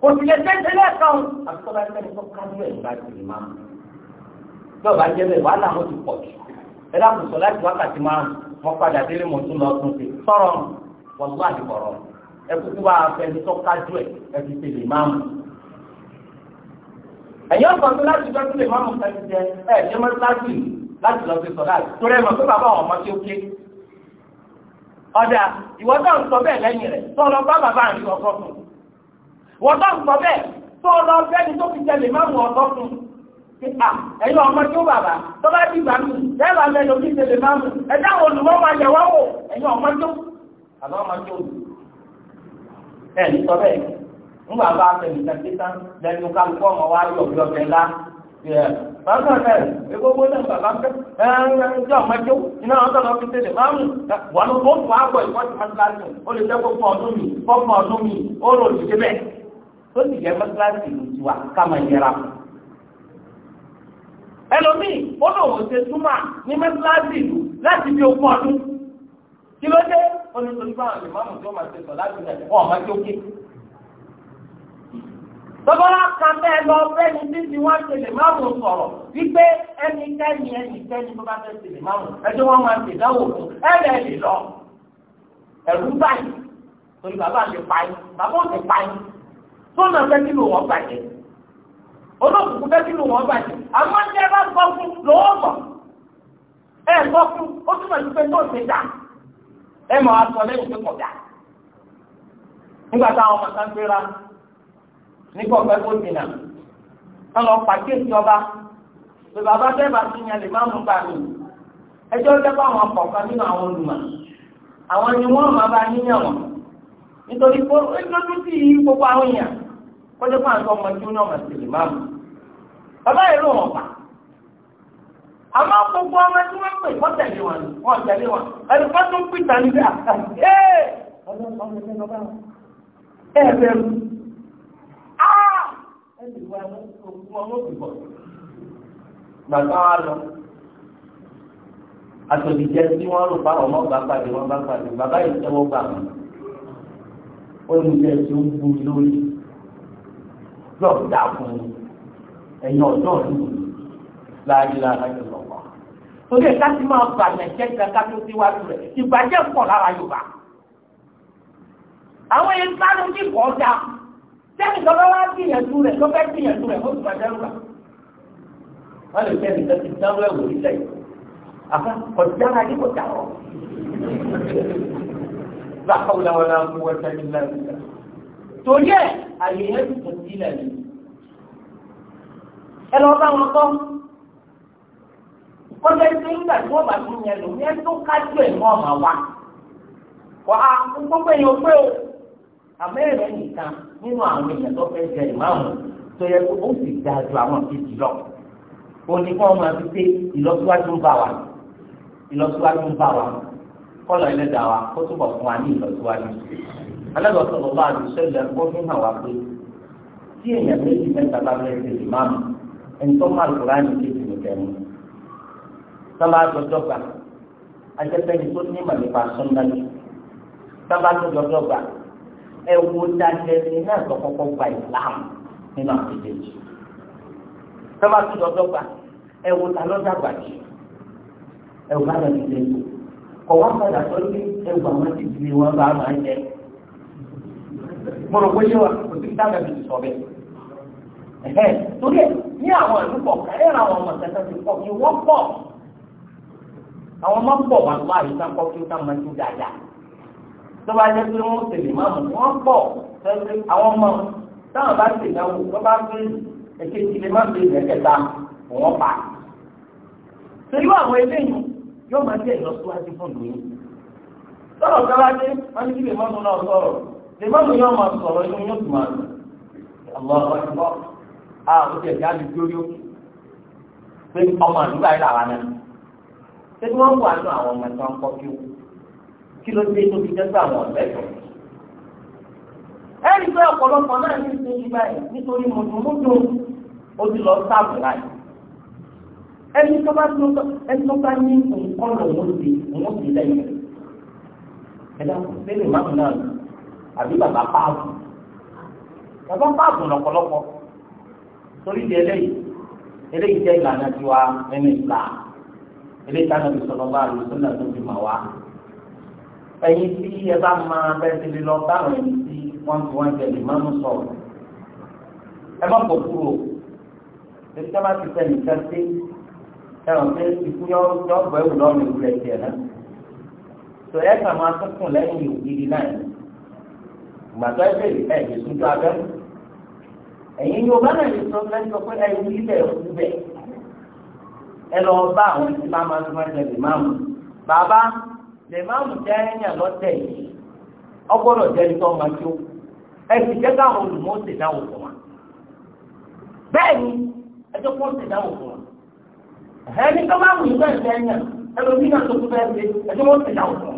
Speaker 1: kò sì lè tẹ́tẹ́lẹ̀ kan àti tọ́ba ẹgbẹ́ ni tó kájú ẹ̀ nígbà tí ì máa mú. bí ọba jẹ́ bẹ́ẹ̀ wàhálà wọn ti pọ̀ jù ẹ dákun sọ láti wákàtí márùn-ún mo padà délé mo tún lọ tún sí sọ̀rọ̀ wàlúwà ní kọ̀rọ̀ ẹkúkú bá afẹ́ni tó kájú ẹ̀ ẹbí ti lè máa mú. ẹ̀yin ọ̀sán tó láti gbọ́ tó lè máa mú sẹ́ni jẹ ẹ̀ ṣe mọ́ láti láti lọ sí sọ̀dá torí ẹ̀ mọ̀ pé bàbá àwọn ọmọ tí ó ké. ọ̀dà ìwọ tó ń sọ bẹ́ẹ̀ lẹ́yìn rẹ̀ tó lọ bá bàbá àrí ọ̀sọ́ fún. ìwọ tó ń sọ bẹ́ẹ̀ tó lọ bẹ́ni tó fi jẹ ẹ̀yin ọmọ tí ó bàbá tó bá ti gbà mí lẹ́bàá mẹ́lò kí tèlè máa mú ẹ̀dá àwọn olùmọ́ máa yẹ̀ wá wò ẹ̀yin ọmọ tó àbá ọmọ tó ẹ̀ ní sọ bẹ́ẹ̀ ń bà bá fẹ̀mí kàkítà lẹ́nu kálukọ́ ọmọ wa yọ̀ bí ọ̀fẹ́ lá bàbá rẹ̀ egbogbo náà bàbá fẹ́ ẹ̀ẹ́dẹ́ ọmọ tó iná ọ̀tọ̀ lọ fi tèlè máa mú wọn ló fọ́ fún àgbọ̀ ìfọ́sí mọ́tíláṣí ó lè jẹ́ fọ́fọ́ ọdún mi fọ́fọ́ ọdún mi ó lò ó ti débẹ̀ tó sì jẹ́ mọ́tíláṣí ìlú tiwa ká máa yẹra fún un ẹlòmíì ó lòun ṣe túmọ̀ ní mẹ́tíláàsì ìlú láti fi ogún ọdún kí ló dé ó ní torí báwọn lè máàmù tí ó máa ṣe sọ láti rẹ̀ wọ́n máa jókè. Tọ́bọ́lá kan bẹ́ẹ̀ lọ bẹ́ẹ̀ni tí ti wá ṣe lè máàmù sọ̀rọ̀ wípé ẹnikẹ́ni ẹnikẹ́ni tó bá fẹ́ ṣe lè máàmù ẹjọ́ wọn máa ṣe ìdáwò fún ẹ̀rẹ̀ lè lọ. Ẹ̀rú báyìí torí bàbá mi pa yín bàbá ò sì pa yín tó náà fẹ́ kí ló wọ́n bàjẹ́. olókùnkùn tẹ́sí ló wọ́n bàjẹ́ àmọ́ ní ẹ bá gbọ́ fún lọ́wọ́ ẹ gbọ́ fún ó pé ẹ mọ̀ lẹ́yìn pé nígbà ọba pé bàbá bẹ́ẹ̀ bá ti yan lè má mú gbà mí ẹjọ́ jẹ́ pé àwọn kọ̀ọ̀kan nínú àwọn olùmọ̀ àwọn ni wọ́n máa bá yíyàn wọn nítorí pé ó ń lójú sí gbogbo àwọn èèyàn ọmọ bàbá yìí ló wọn pa àmọ́ gbogbo ọmọ tí wọn pè wọn tẹ̀lé wọn wọn tẹ̀lé wọn ẹni wọn tún pè tán níbi àkàtà ee ọmọ ọmọ ẹgbẹ́ bàbá ẹ bẹ̀rù aa ẹni ìwà ọmọ ọmọ òbíbọ bàbá wa lọ àtòlìjẹ tí wọn rò bá ọmọ bá pàdé wọn bá pàdé bàbá yìí tẹ́wọ́ gbà wọn olùjẹ tí ó ń bu lórí lọ́ọ̀ dà fún un ẹ̀yin ọ̀dọ́ ìlú láàyè lára ọ̀pá. torí ẹ̀ka ti máa bàjẹ́ jẹ́ kankan tó ti rẹ̀ ìbàjẹ́ pọ̀ lára Yorùbá. àwọn yẹn sáré ní kọjá sẹ́ni tọ́lá wá gbìyànjú rẹ̀ tó fẹ́ gbìyànjú rẹ̀ fún ìbàjẹ́ rúbà. wọ́n lè fẹ́ni tó ti dáwọ́ ẹ̀wò nílẹ̀ yìí. àfa kọjá àyè yẹn ti tọ̀ sílẹ̀ ẹ bá wọn kọ́ kọjá ìpè nígbà tí wọ́n bá tún yẹn lò yẹn tó kájú ẹ̀ mọ́ ọ̀mà wa wà á gbogbo èèyàn pé o àmẹ́rẹ̀ nìkan nínú àwọn èèyàn tó fẹ́ jẹ ìmáàmù tó yẹ kó ó sì dáa ju àwọn kejì lọ òní kí wọ́n máa fi pé ìlọsíwájú ń bá wa ìlọsíwájú ń bá wa kọlọ ẹlẹ́dàá wa kó túbọ̀ fún wa ní ìlọsíwájú alẹ́bàá sọ̀rọ̀ bá a fi hàn wá pé tí èèyàn méjì mẹ́ta bá fẹ́ ṣe ìmáàmù ẹnitọ́ máa lò rán ní kéjì ló tẹ̀ mọ́. ni dọ́jọ́ gbà ajẹ́pẹ́ni tó ní ìmọ̀ nípa sọ́nà lò sábà dọ́jọ́ gbà ẹ wo dáadé ní náà tó kọ́kọ́ gba ìlànà nínú àtẹ̀jẹ́jì. sábà dọ́jọ́ gbà ẹ wo ta lọ́jà gbà jù ẹ wò bá lọ sí ilé kọ̀ wá padà sọ pé ẹ ti di wọn bá máa ń jẹ. mo rò pé yóò wá kò sí torí ẹ ní àwọn ìlú kọ̀ọ̀kan ẹ̀rọ àwọn ọmọ ìtẹ́tẹ́ ti pọ̀ ní wọ́n pọ̀ àwọn ọmọ pọ̀ wà lọ́wọ́ àyíká kọ́ kí ó ká máa ju dáadáa tó bá jẹ́ pé wọ́n tèlè máa mọ̀ wọ́n pọ̀ tẹ́lẹ̀ àwọn ọmọ táwọn bá tèlè náà wò wọ́n bá gbé èkejì lè má gbé ìrẹ́kẹta wọ́n pa. pẹ̀lú àwọn eléyìí yóò máa jẹ́ ìlọsíwájú fún mi. sọ̀rọ̀ káwájú wọ́n ní kí lè a ah, ó jẹ ìyá mi dórí ó pé ọmọ àdúgbò ayé làwọn náà ṣé kí wọ́n wà nù àwọn ọmọ tó ń kọ́ kí ó kí ló dé tó fi jẹ́ pé àwọn ọ̀rẹ́ tó ẹ̀rí pé ọ̀pọ̀lọpọ̀ náà ní ìsinmi báyìí nítorí mùtùmùtù ó ti lọ sáàbù láì ẹni tó bá tó ẹni tó bá ní nǹkan lòun ti òun ti lẹ́yìn ẹ̀dá sẹ́ni màmú náà àbí bàbá páàbù bàbá páàbù lọ́pọ̀lọpọ̀ torí di eléyìí eléyìí jẹ́ ìlànà tiwa nínú ìlà eléyìí tí a nàbì sọ̀rọ̀ bá àlùsọ sọ́nà tó fi mà wá. ẹ̀yin tí ẹ bá máa bẹ́ẹ̀ ti lè lọ báwọn ẹni tí wọ́n ti wọ́n jẹ lè máa ń sọ̀rọ̀ ẹ má pọ̀ kúrò ètò ìjọba ti sẹ́ni kẹ́sí ẹ̀rọ pé ikú yọ ọgbà ẹ̀wù lọ́rùn ìlú tiẹ̀ náà. tó ẹ máa tó kùn lẹ́yìn ògiri náà ìgbà ẹ ẹ̀yin yóò bá náà lè sọ fẹ́ sọ pé ẹ̀yin yìí bẹ̀ ọ̀hún bẹ̀ ẹ lọ bá àwọn tí máa máa tó máa jẹ lè máa bàbá lè máa jẹ́ ẹ̀yàn lọ́tẹ̀ yìí ọgbọ́dọ̀ jẹ́ tó ẹ sì jẹ́ káwọn olùmọ̀ ṣe dáhùn fún wa bẹ́ẹ̀ ni kó ṣe dáhùn fún wa ẹni tó máa mú ìgbà ẹ̀yàn náà tó ṣe kó ṣe dáhùn fún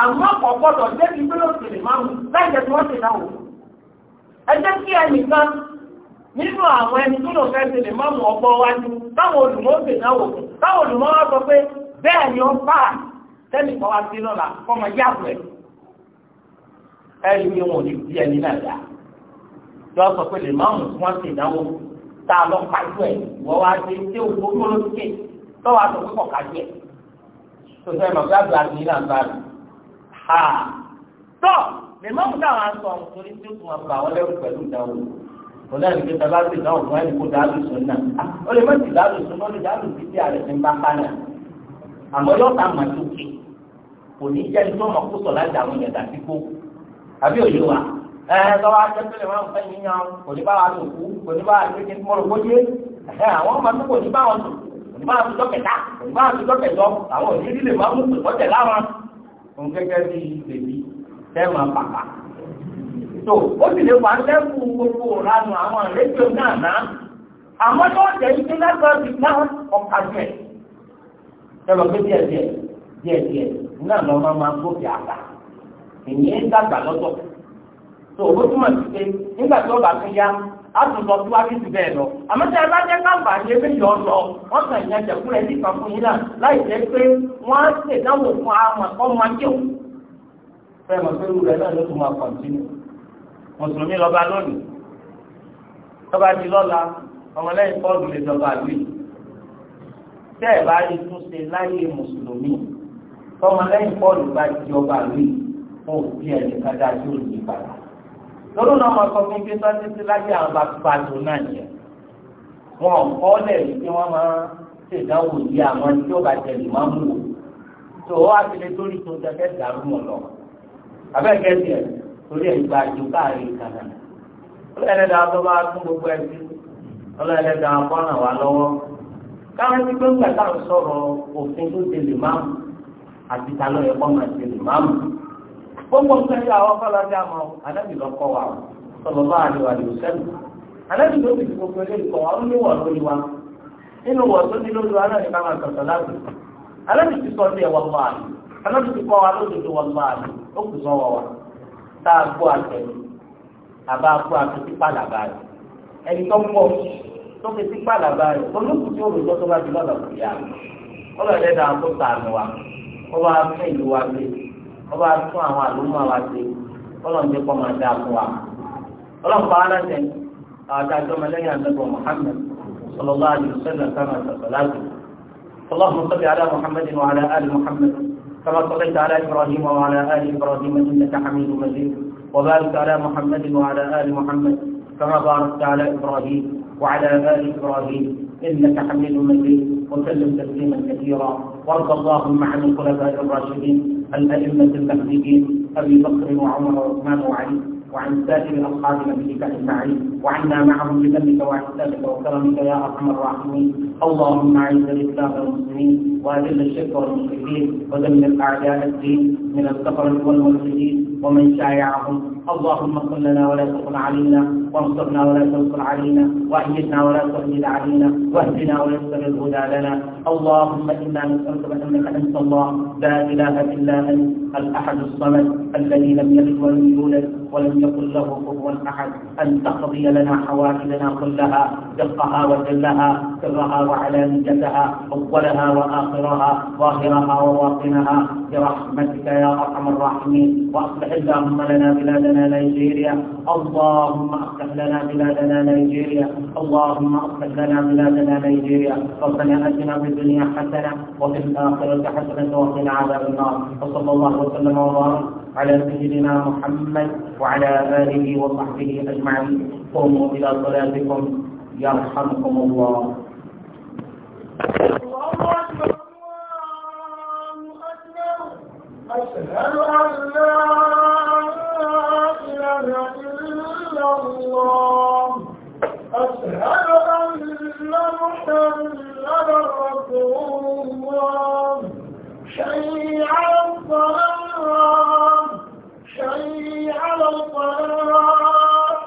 Speaker 1: àmọ́ kò gbọ́dọ̀ jẹ́ kí gbọ́dọ̀ tèlè máa mú láìjẹ́ tí wọ́n ti náà wò. ẹ jẹ́ kí ẹnìkan nínú àwọn ẹni tó lọ fẹ́ tèlè máa mú ọgbọ́n wájú táwọn olùmọ̀ ó tèlè náà wò táwọn olùmọ̀ wá sọ pé bẹ́ẹ̀ ni ó bá tẹ́lẹ̀ kan wá sí lọ́la fọmọ yàgò ẹ̀. ẹ̀rí ni wọn ò ní bí ẹni náà dá tí wọ́n sọ pé lè máa mú kí wọ́n ti náà wò tá a lọ kájú ẹ̀ wọ́n wá dé tí òkú olóṣèlú tó fẹ́ mọ̀ Ha, tọ́ lè má wùdà wọn sọ nítorí tí ó tún wọn bà wọn lẹ́rù pẹ̀lú ìdáwó wọn náà nígbà bá ti dáwọ̀ fún ẹni kó dáàbò sùn náà ah, ó lè má ti dáàbò sùn náà ó lè dáàbò sí ti àrẹ̀ ní bábá náà àmọ́ yọ̀ọ̀ta màdókè kò ní jẹ́ ní tọ́mọ̀ kó sọ̀ láti àwọn yẹ̀dà sí kó àbí òye wa ẹ lọ́wọ́ akẹ́kọ̀ọ́ máa ń fẹ́ yín yan kò ní bá wa tó kú kò ní bá wa tó kí n mọ̀rọ̀ gbójú ẹ àwọn ọmọ tó kò ní bá wọn tó kò ní bá wa tó dọ́kẹ̀ta kò ní bá wa tó dọ́kẹ̀jọ àwọn òní líle máa mú pèpọ́tẹ̀ láwọn òun gẹ́gẹ́ bí bèbí tẹ́mà pàpà. tó ó sì lè wà lẹ́kù gbogbo ìranù àwọn àlejò náà náà àmọ́ tó ń tẹ̀lé pé ti ná ọkà jẹ́ ẹlọ pé díẹ̀ díẹ̀ díẹ̀ díẹ̀ náà lọ máa máa àgbà dàgbà lọ́tọ̀ túmọ̀ sí pé nígbà tí àtúntò tí wàá kìtù bẹ́ẹ̀ lọ. àmọ́ tí a bá jẹ́ káàbà ní ebi yọ lọ wọ́n kàn yẹn jẹ̀kú rẹ̀ nípa fún yín náà láì jẹ́ pé wọ́n á ṣe ìdánwò fún àwọn ẹ̀kọ́ máa jẹ́ òun. bẹ́ẹ̀ mọ̀ pé irú rẹ̀ náà ló tún máa kọ̀ǹtínú. mùsùlùmí lọ́ba lónìí lọ́ba di lọ́la ọmọlẹ́yìn pọ́ọ̀lù lè dọ́ba lù yìí. tẹ́ ẹ̀ bá rí túnṣe láyé mùsùlùmí tọmọlẹ́yìn pọ́ọ̀lù bá di ọba lọ́dún náà máa sọ fún pípa títí láyé àwọn bàbá tó náà yẹ wọn kọ́ lẹ̀ wípé ma máa ṣèdánwò yí àwọn tí ó bá máa mú wò tó o wá torí tó dàrú lọ torí gba ju káàrin tó bá tún gbogbo sí wà lọ́wọ́ káwọn ti sọ̀rọ̀ òfin tó máa àti máa máa gbogbo nǹkan yóò àwọn fọlọ́dé àmọ́ ànábì lọ́kọ́ wa sallallahu alaihi wasallam ànábì tó fi gbogbo ilé ìkọ̀ wa ó ní wọ̀ lórí wa nínú wọ̀ tó ní lórí wa náà ní káwọn sọ̀tọ̀ láti ànábì ti sọ sí ẹ̀wọ̀n máa ní ànábì ti kọ́ wa lódodo wọn máa ní ó kù sọ́wọ́ wa tá a gbọ́ àtẹ̀lé àbá gbọ́ àtúntí pàlàbà rẹ̀ ẹni tó pọ̀ tó fi sí pàlàbà rẹ̀ olókùn tí ó rò lọ́tọ́ bá ti lọ́dọ̀ ọba tún àwọn àlùmọ́ wa ṣe ọlọ́run jẹ́ kọ́ máa dáa fún wa ọlọ́run pa á láṣẹ àwọn àjọ mẹlẹ́yìn àtẹ́gbọ̀ Muhammad sallallahu alaihi wasallam kama sọ̀tọ̀láàtì اللهم صل على محمد وعلى آل محمد كما صليت على إبراهيم وعلى آل إبراهيم إنك حميد مجيد وبارك على محمد وعلى آل محمد كما باركت على إبراهيم وعلى آل إبراهيم إنك حميد مجيد وسلم تسليما كثيرا وارض اللهم عن الخلفاء الراشدين الأئمة المهديين أبي بكر وعمر وعثمان وعلي وعن سائر أصحاب نبيك أجمعين وعنا معهم بذنبك وإحسانك وكرمك يا أرحم الراحمين اللهم أعز الإسلام والمسلمين وأذل الشرك والمشركين ودمر أعداء الدين من الكفرة والملحدين ومن شايعهم اللهم صل لنا ولا تكن علينا وانصرنا ولا تنصر علينا وايدنا ولا تؤيد علينا واهدنا ولا تسر الهدى لنا اللهم انا نسالك بانك انت الله لا اله الا انت الاحد الصمد الذي لم يلد ولم يولد ولم يكن له كفوا احد ان تقضي لنا حوائجنا كلها دقها وجلها سرها وعلانيتها اولها واخرها ظاهرها وواطنها برحمتك يا أرحم الراحمين وأصلح اللهم لنا بلادنا نيجيريا اللهم أصلح لنا بلادنا نيجيريا اللهم أصلح لنا بلادنا نيجيريا ربنا أتنا في الدنيا حسنة وفي الآخرة حسنة وقنا عذاب النار وصلى الله وسلم وبارك على سيدنا محمد وعلى آله وصحبه أجمعين قوموا إلى صلاتكم يرحمكم الله الله أكبر أشهد أن لا إله إلا الله أشهد أن محمدا رسول الله حي على الصلاة حي على الصلاة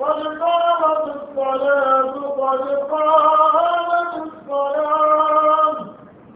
Speaker 1: قد الصلاة قد قامت الصلاة